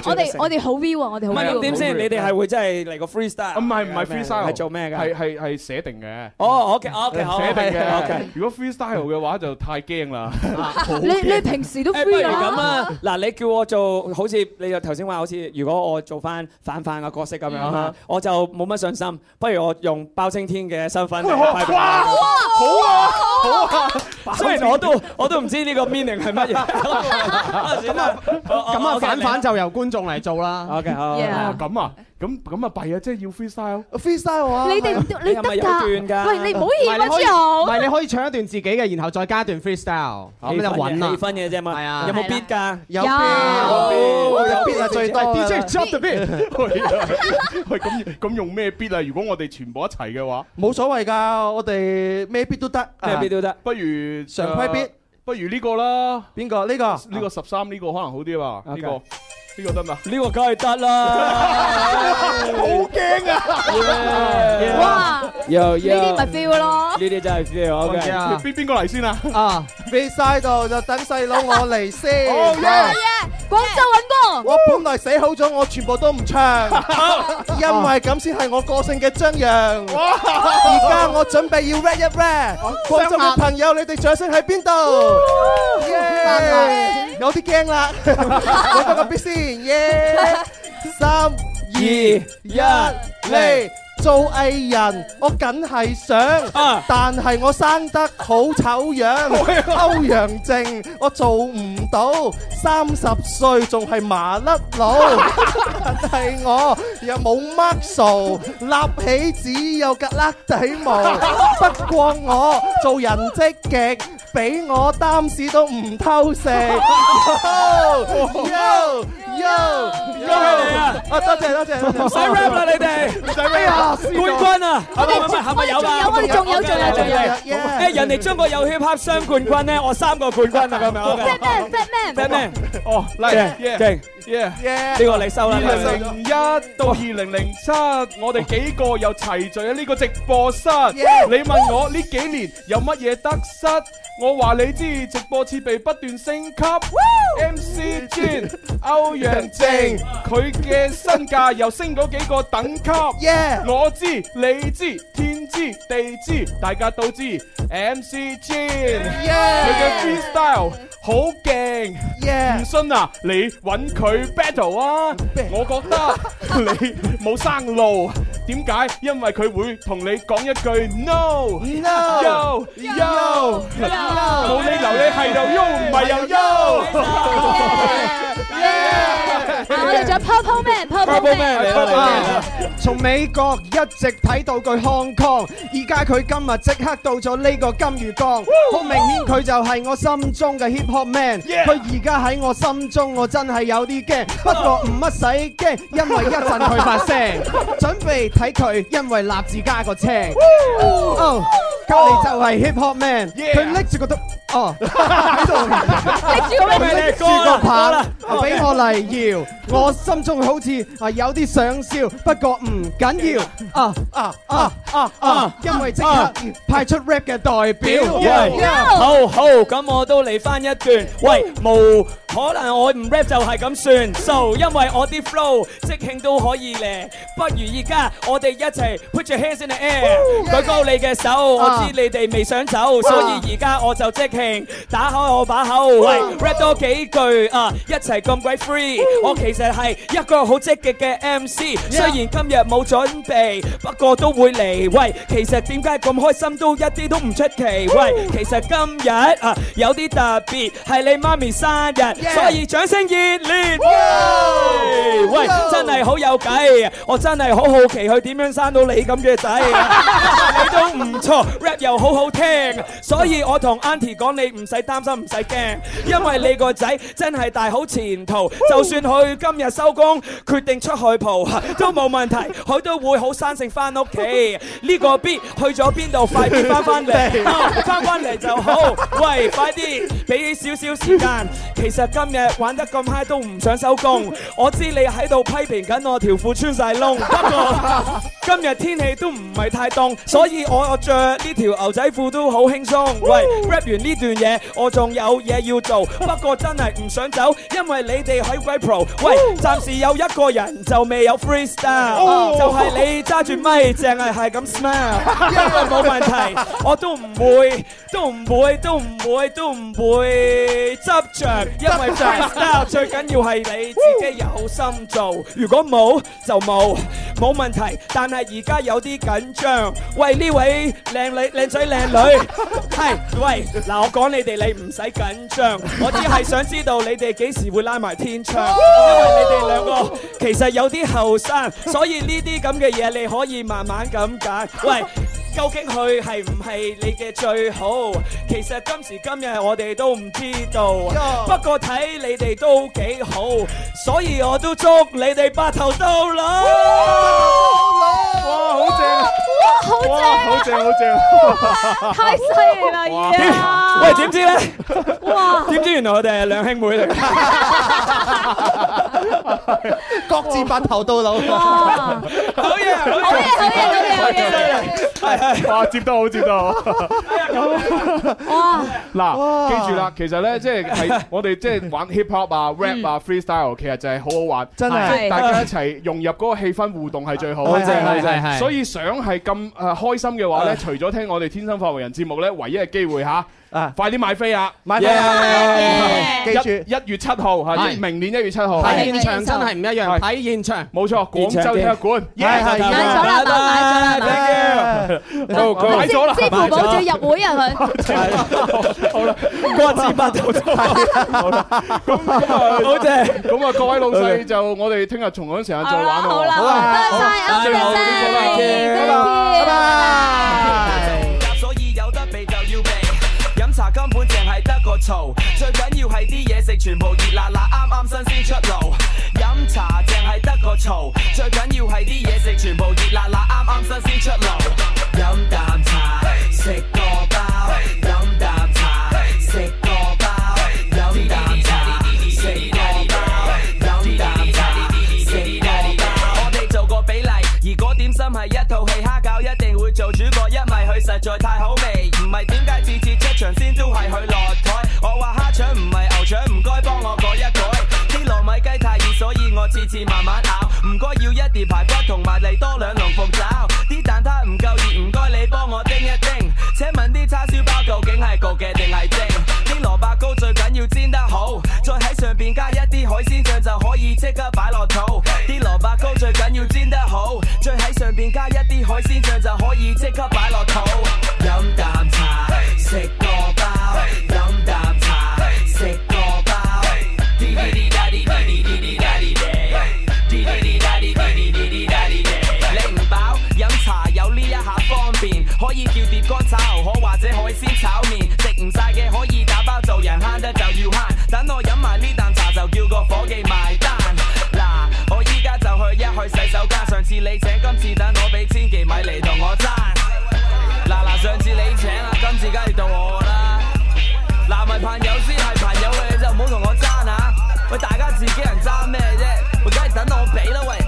我哋我哋好 view 我哋好 view。點先？你哋係會真係嚟個 freestyle？係唔係 freestyle？係做咩嘅？係係係，寫定嘅。哦，OK，OK，寫定嘅。OK，如果 freestyle 嘅話就太驚啦。你你平時都 freestyle 咁啊？嗱，你叫我做好似你就頭先話，好似如果我做翻反反嘅角色咁樣，我就冇乜信心。不如我用包青天嘅身份係咪？哇，好啊，好啊。雖然我都我都唔知呢個 meaning 係乜嘢。咁啊，咁啊，反反就由觀眾嚟做啦。OK，好。咁啊。咁咁啊弊啊！即係要 freestyle，freestyle 啊！你哋你得㗎？喂，你唔好獻咗之後，唔係你可以唱一段自己嘅，然後再加段 freestyle。咁就揾氣氛嘅啫嘛。係啊，有冇 beat 㗎？有，有 beat 係最大，DJ jump 嘅 beat。係咁，咁用咩 beat 啊？如果我哋全部一齊嘅話，冇所謂㗎。我哋咩 beat 都得，咩 beat 都得。不如常規 beat，不如呢個啦。邊個？呢個，呢個十三呢個可能好啲啊嘛。呢個。呢個得嘛？呢個梗係得啦，好驚啊！哇，又又呢啲就係招咯，呢啲真係招啊！邊邊個嚟先啊？啊，B side 度就等細佬我嚟先。哦耶，廣州穩哥，我本來寫好咗，我全部都唔唱，因為咁先係我個性嘅張揚。而家我準備要 rap 一 rap，廣州朋友你哋掌聲喺邊度？有啲驚啦，我得個 B C。耶，三二一零。做藝人我梗係想，但係我生得好醜樣。歐陽靖我做唔到，三十歲仲係麻甩佬。但係我又冇乜 muscle 立起只有格甩底毛。不過我做人積極，俾我擔屎都唔偷食。Yo yo 恭喜啊！多謝多謝，唔使 rap 啦，你哋，唔使咩啊？冠軍啊，係咪有啊？有我哋仲有仲有仲有，誒，人哋中國有 hip hop 雙冠軍咧，我三個冠軍啊，係咪啊？得咩？得咩？得咩？哦，嚟，yeah yeah，呢個你收啦。二零零一到二零零七，我哋幾個又齊聚喺呢個直播室，你問我呢幾年有乜嘢得失？我話你知，直播設備不斷升級。Woo! MC Jin 歐陽靖，佢嘅 [LAUGHS] 身價又升咗幾個等級。Yeah! 我知，你知，天知，地知，大家都知。MC Jin 佢嘅 freestyle。好勁，唔、yeah. 信啊，你揾佢 battle 啊，我覺得你冇生路，點解？因為佢會同你講一句 no no no no，no 冇你留你喺度，no 唔係又 no。我哋仲有 pop pop man？pop pop man？從美國一直睇到佢 Hong Kong，而家佢今日即刻到咗呢個金魚缸，好明顯佢就係我心中嘅 hip hop man。佢而家喺我心中，我真係有啲驚，不過唔乜使驚，因為一陣佢發聲，準備睇佢因為立志加個車。哦，隔籬就係 hip hop man，佢拎住個刀哦，喺度，拎住個咩拎住個棒，俾我嚟搖。我心中好似啊有啲想笑，不過唔緊要啊啊啊啊啊！因為即刻派出 rap 嘅代表，好好咁我都嚟翻一段。喂，冇可能我唔 rap 就係咁算，就因為我啲 flow 即興都可以嚟。不如而家我哋一齊 put your hands in the air，舉高你嘅手。我知你哋未想走，所以而家我就即興打開我把口，喂 rap 多幾句啊！一齊咁鬼 free，我其其實係一個好積極嘅 MC，Yeah. 雖然今日冇準備，不過都會嚟喂。其實點解咁開心都一啲都唔出奇 Woo. 喂。其實今日啊、uh, 有啲特別係你媽咪生日，Yeah. 所以掌聲熱烈。喂，真係好有計，我真係好好奇佢點樣生到你咁嘅仔， [LAUGHS] [LAUGHS] 你都唔錯，rap 又好好聽，所以我同 Aunty 講你唔使擔心，唔使驚，因為你個仔真係大好前途，Woo. 就算去。今日收工，決定出去蒲都冇問題，佢都會好生性翻屋企。呢 [LAUGHS] 個 beat 去咗邊度？快啲翻翻嚟，翻翻嚟就好。 [LAUGHS] 喂，快啲俾少少時間。其實今日玩得咁嗨都唔想收工。我知你喺度批評緊我條褲穿晒窿，不過 [LAUGHS] 今日天，天氣都唔係太凍，所以我着呢條牛仔褲都好輕鬆。 [LAUGHS] 喂，rap 完呢段嘢，我仲有嘢要做，不過真係唔想走，因為你哋喺鬼 Pro。 [LAUGHS] 暫時有一個人就未有 freestyle，就係你揸住咪，淨係係咁 smile，因為冇問題，我都唔會，都唔會，都唔會，都唔會執著，因為 freestyle 最緊要係你自己有心做，如果冇就冇，冇問題，但係而家有啲緊張。喂，呢位靚女靚仔靚女，係，喂，嗱，我講你哋，你唔使緊張，我只係想知道你哋幾時會拉埋天窗。你哋兩個其實有啲後生， [LAUGHS] 所以呢啲咁嘅嘢你可以慢慢咁揀。 [LAUGHS] 喂！究竟佢係唔係你嘅最好？其實今時今日我哋都唔知道，不過睇你哋都幾好，所以我都祝你哋白頭到老。哇，好正！哇，好正！哇，好正，好正！太犀利啦，已經。喂，點知咧？哇！點知原來我哋係兩兄妹嚟嘅，各自白頭到老。好嘢！好嘢！好嘢！哇，接得好，接得好！嗱， [LAUGHS] 記住啦，其實咧，即係係我哋即係玩 hip hop、嗯、啊、rap 啊、freestyle，其實就係好好玩，真係大家一齊融入嗰個氣氛，互動係最好。係係係。所以想係咁誒開心嘅話咧，是是是是除咗聽我哋天生發明人節目咧，唯一嘅機會嚇。啊！快啲買飛啊！買飛啊！記住一月七號嚇，明年一月七號。現場真係唔一樣，睇現場。冇錯，廣州體育館。係係買咗啦，都買咗啦，係咪？買咗啦，買咗啦。支付寶要入會啊佢。好啦，過節快樂！好啦，咁啊，多謝。咁啊，各位老細就我哋聽日同一時間再玩喎。好啦，多謝大家，一路保重，拜拜。嘈，最緊要係啲嘢食全部熱辣辣，啱啱新鮮出爐。飲茶淨係得個嘈，最緊要係啲嘢食全部熱辣辣，啱啱新鮮出爐。飲啖茶，食個包。飲啖茶，食個包。飲啖茶，食個包。飲啖茶，食個包。飲啖茶，食個包。我哋做個比例，如果點心係一套戲，蝦餃一定會做主角，因為佢實在太好味，唔係點解次次出場先都係佢落頭？我話蝦腸唔係牛腸，唔該幫我改一改。啲糯米雞太熱，所以我次次慢慢咬。唔該要一碟排骨同埋嚟多兩籠鳳爪。啲蛋撻唔夠熱，唔該你幫我叮一叮。請問啲叉燒包究竟係焗嘅定係蒸？啲蘿蔔糕最緊要煎得好，再喺上邊加一啲海鮮醬就可以即刻擺落肚。啲蘿蔔糕最緊要煎得好，再喺上邊加一啲海鮮醬就可以即刻擺落肚。伙記埋單，嗱，我依家就去一去洗手間。上次你請，今次等我俾。千祈咪嚟同我爭嗱嗱，上次你請啊，今次梗係到我啦。嗱，咪朋友先係朋友嘅，你就唔好同我爭啊喂，大家自己人爭咩啫？唔該，等我俾啦喂。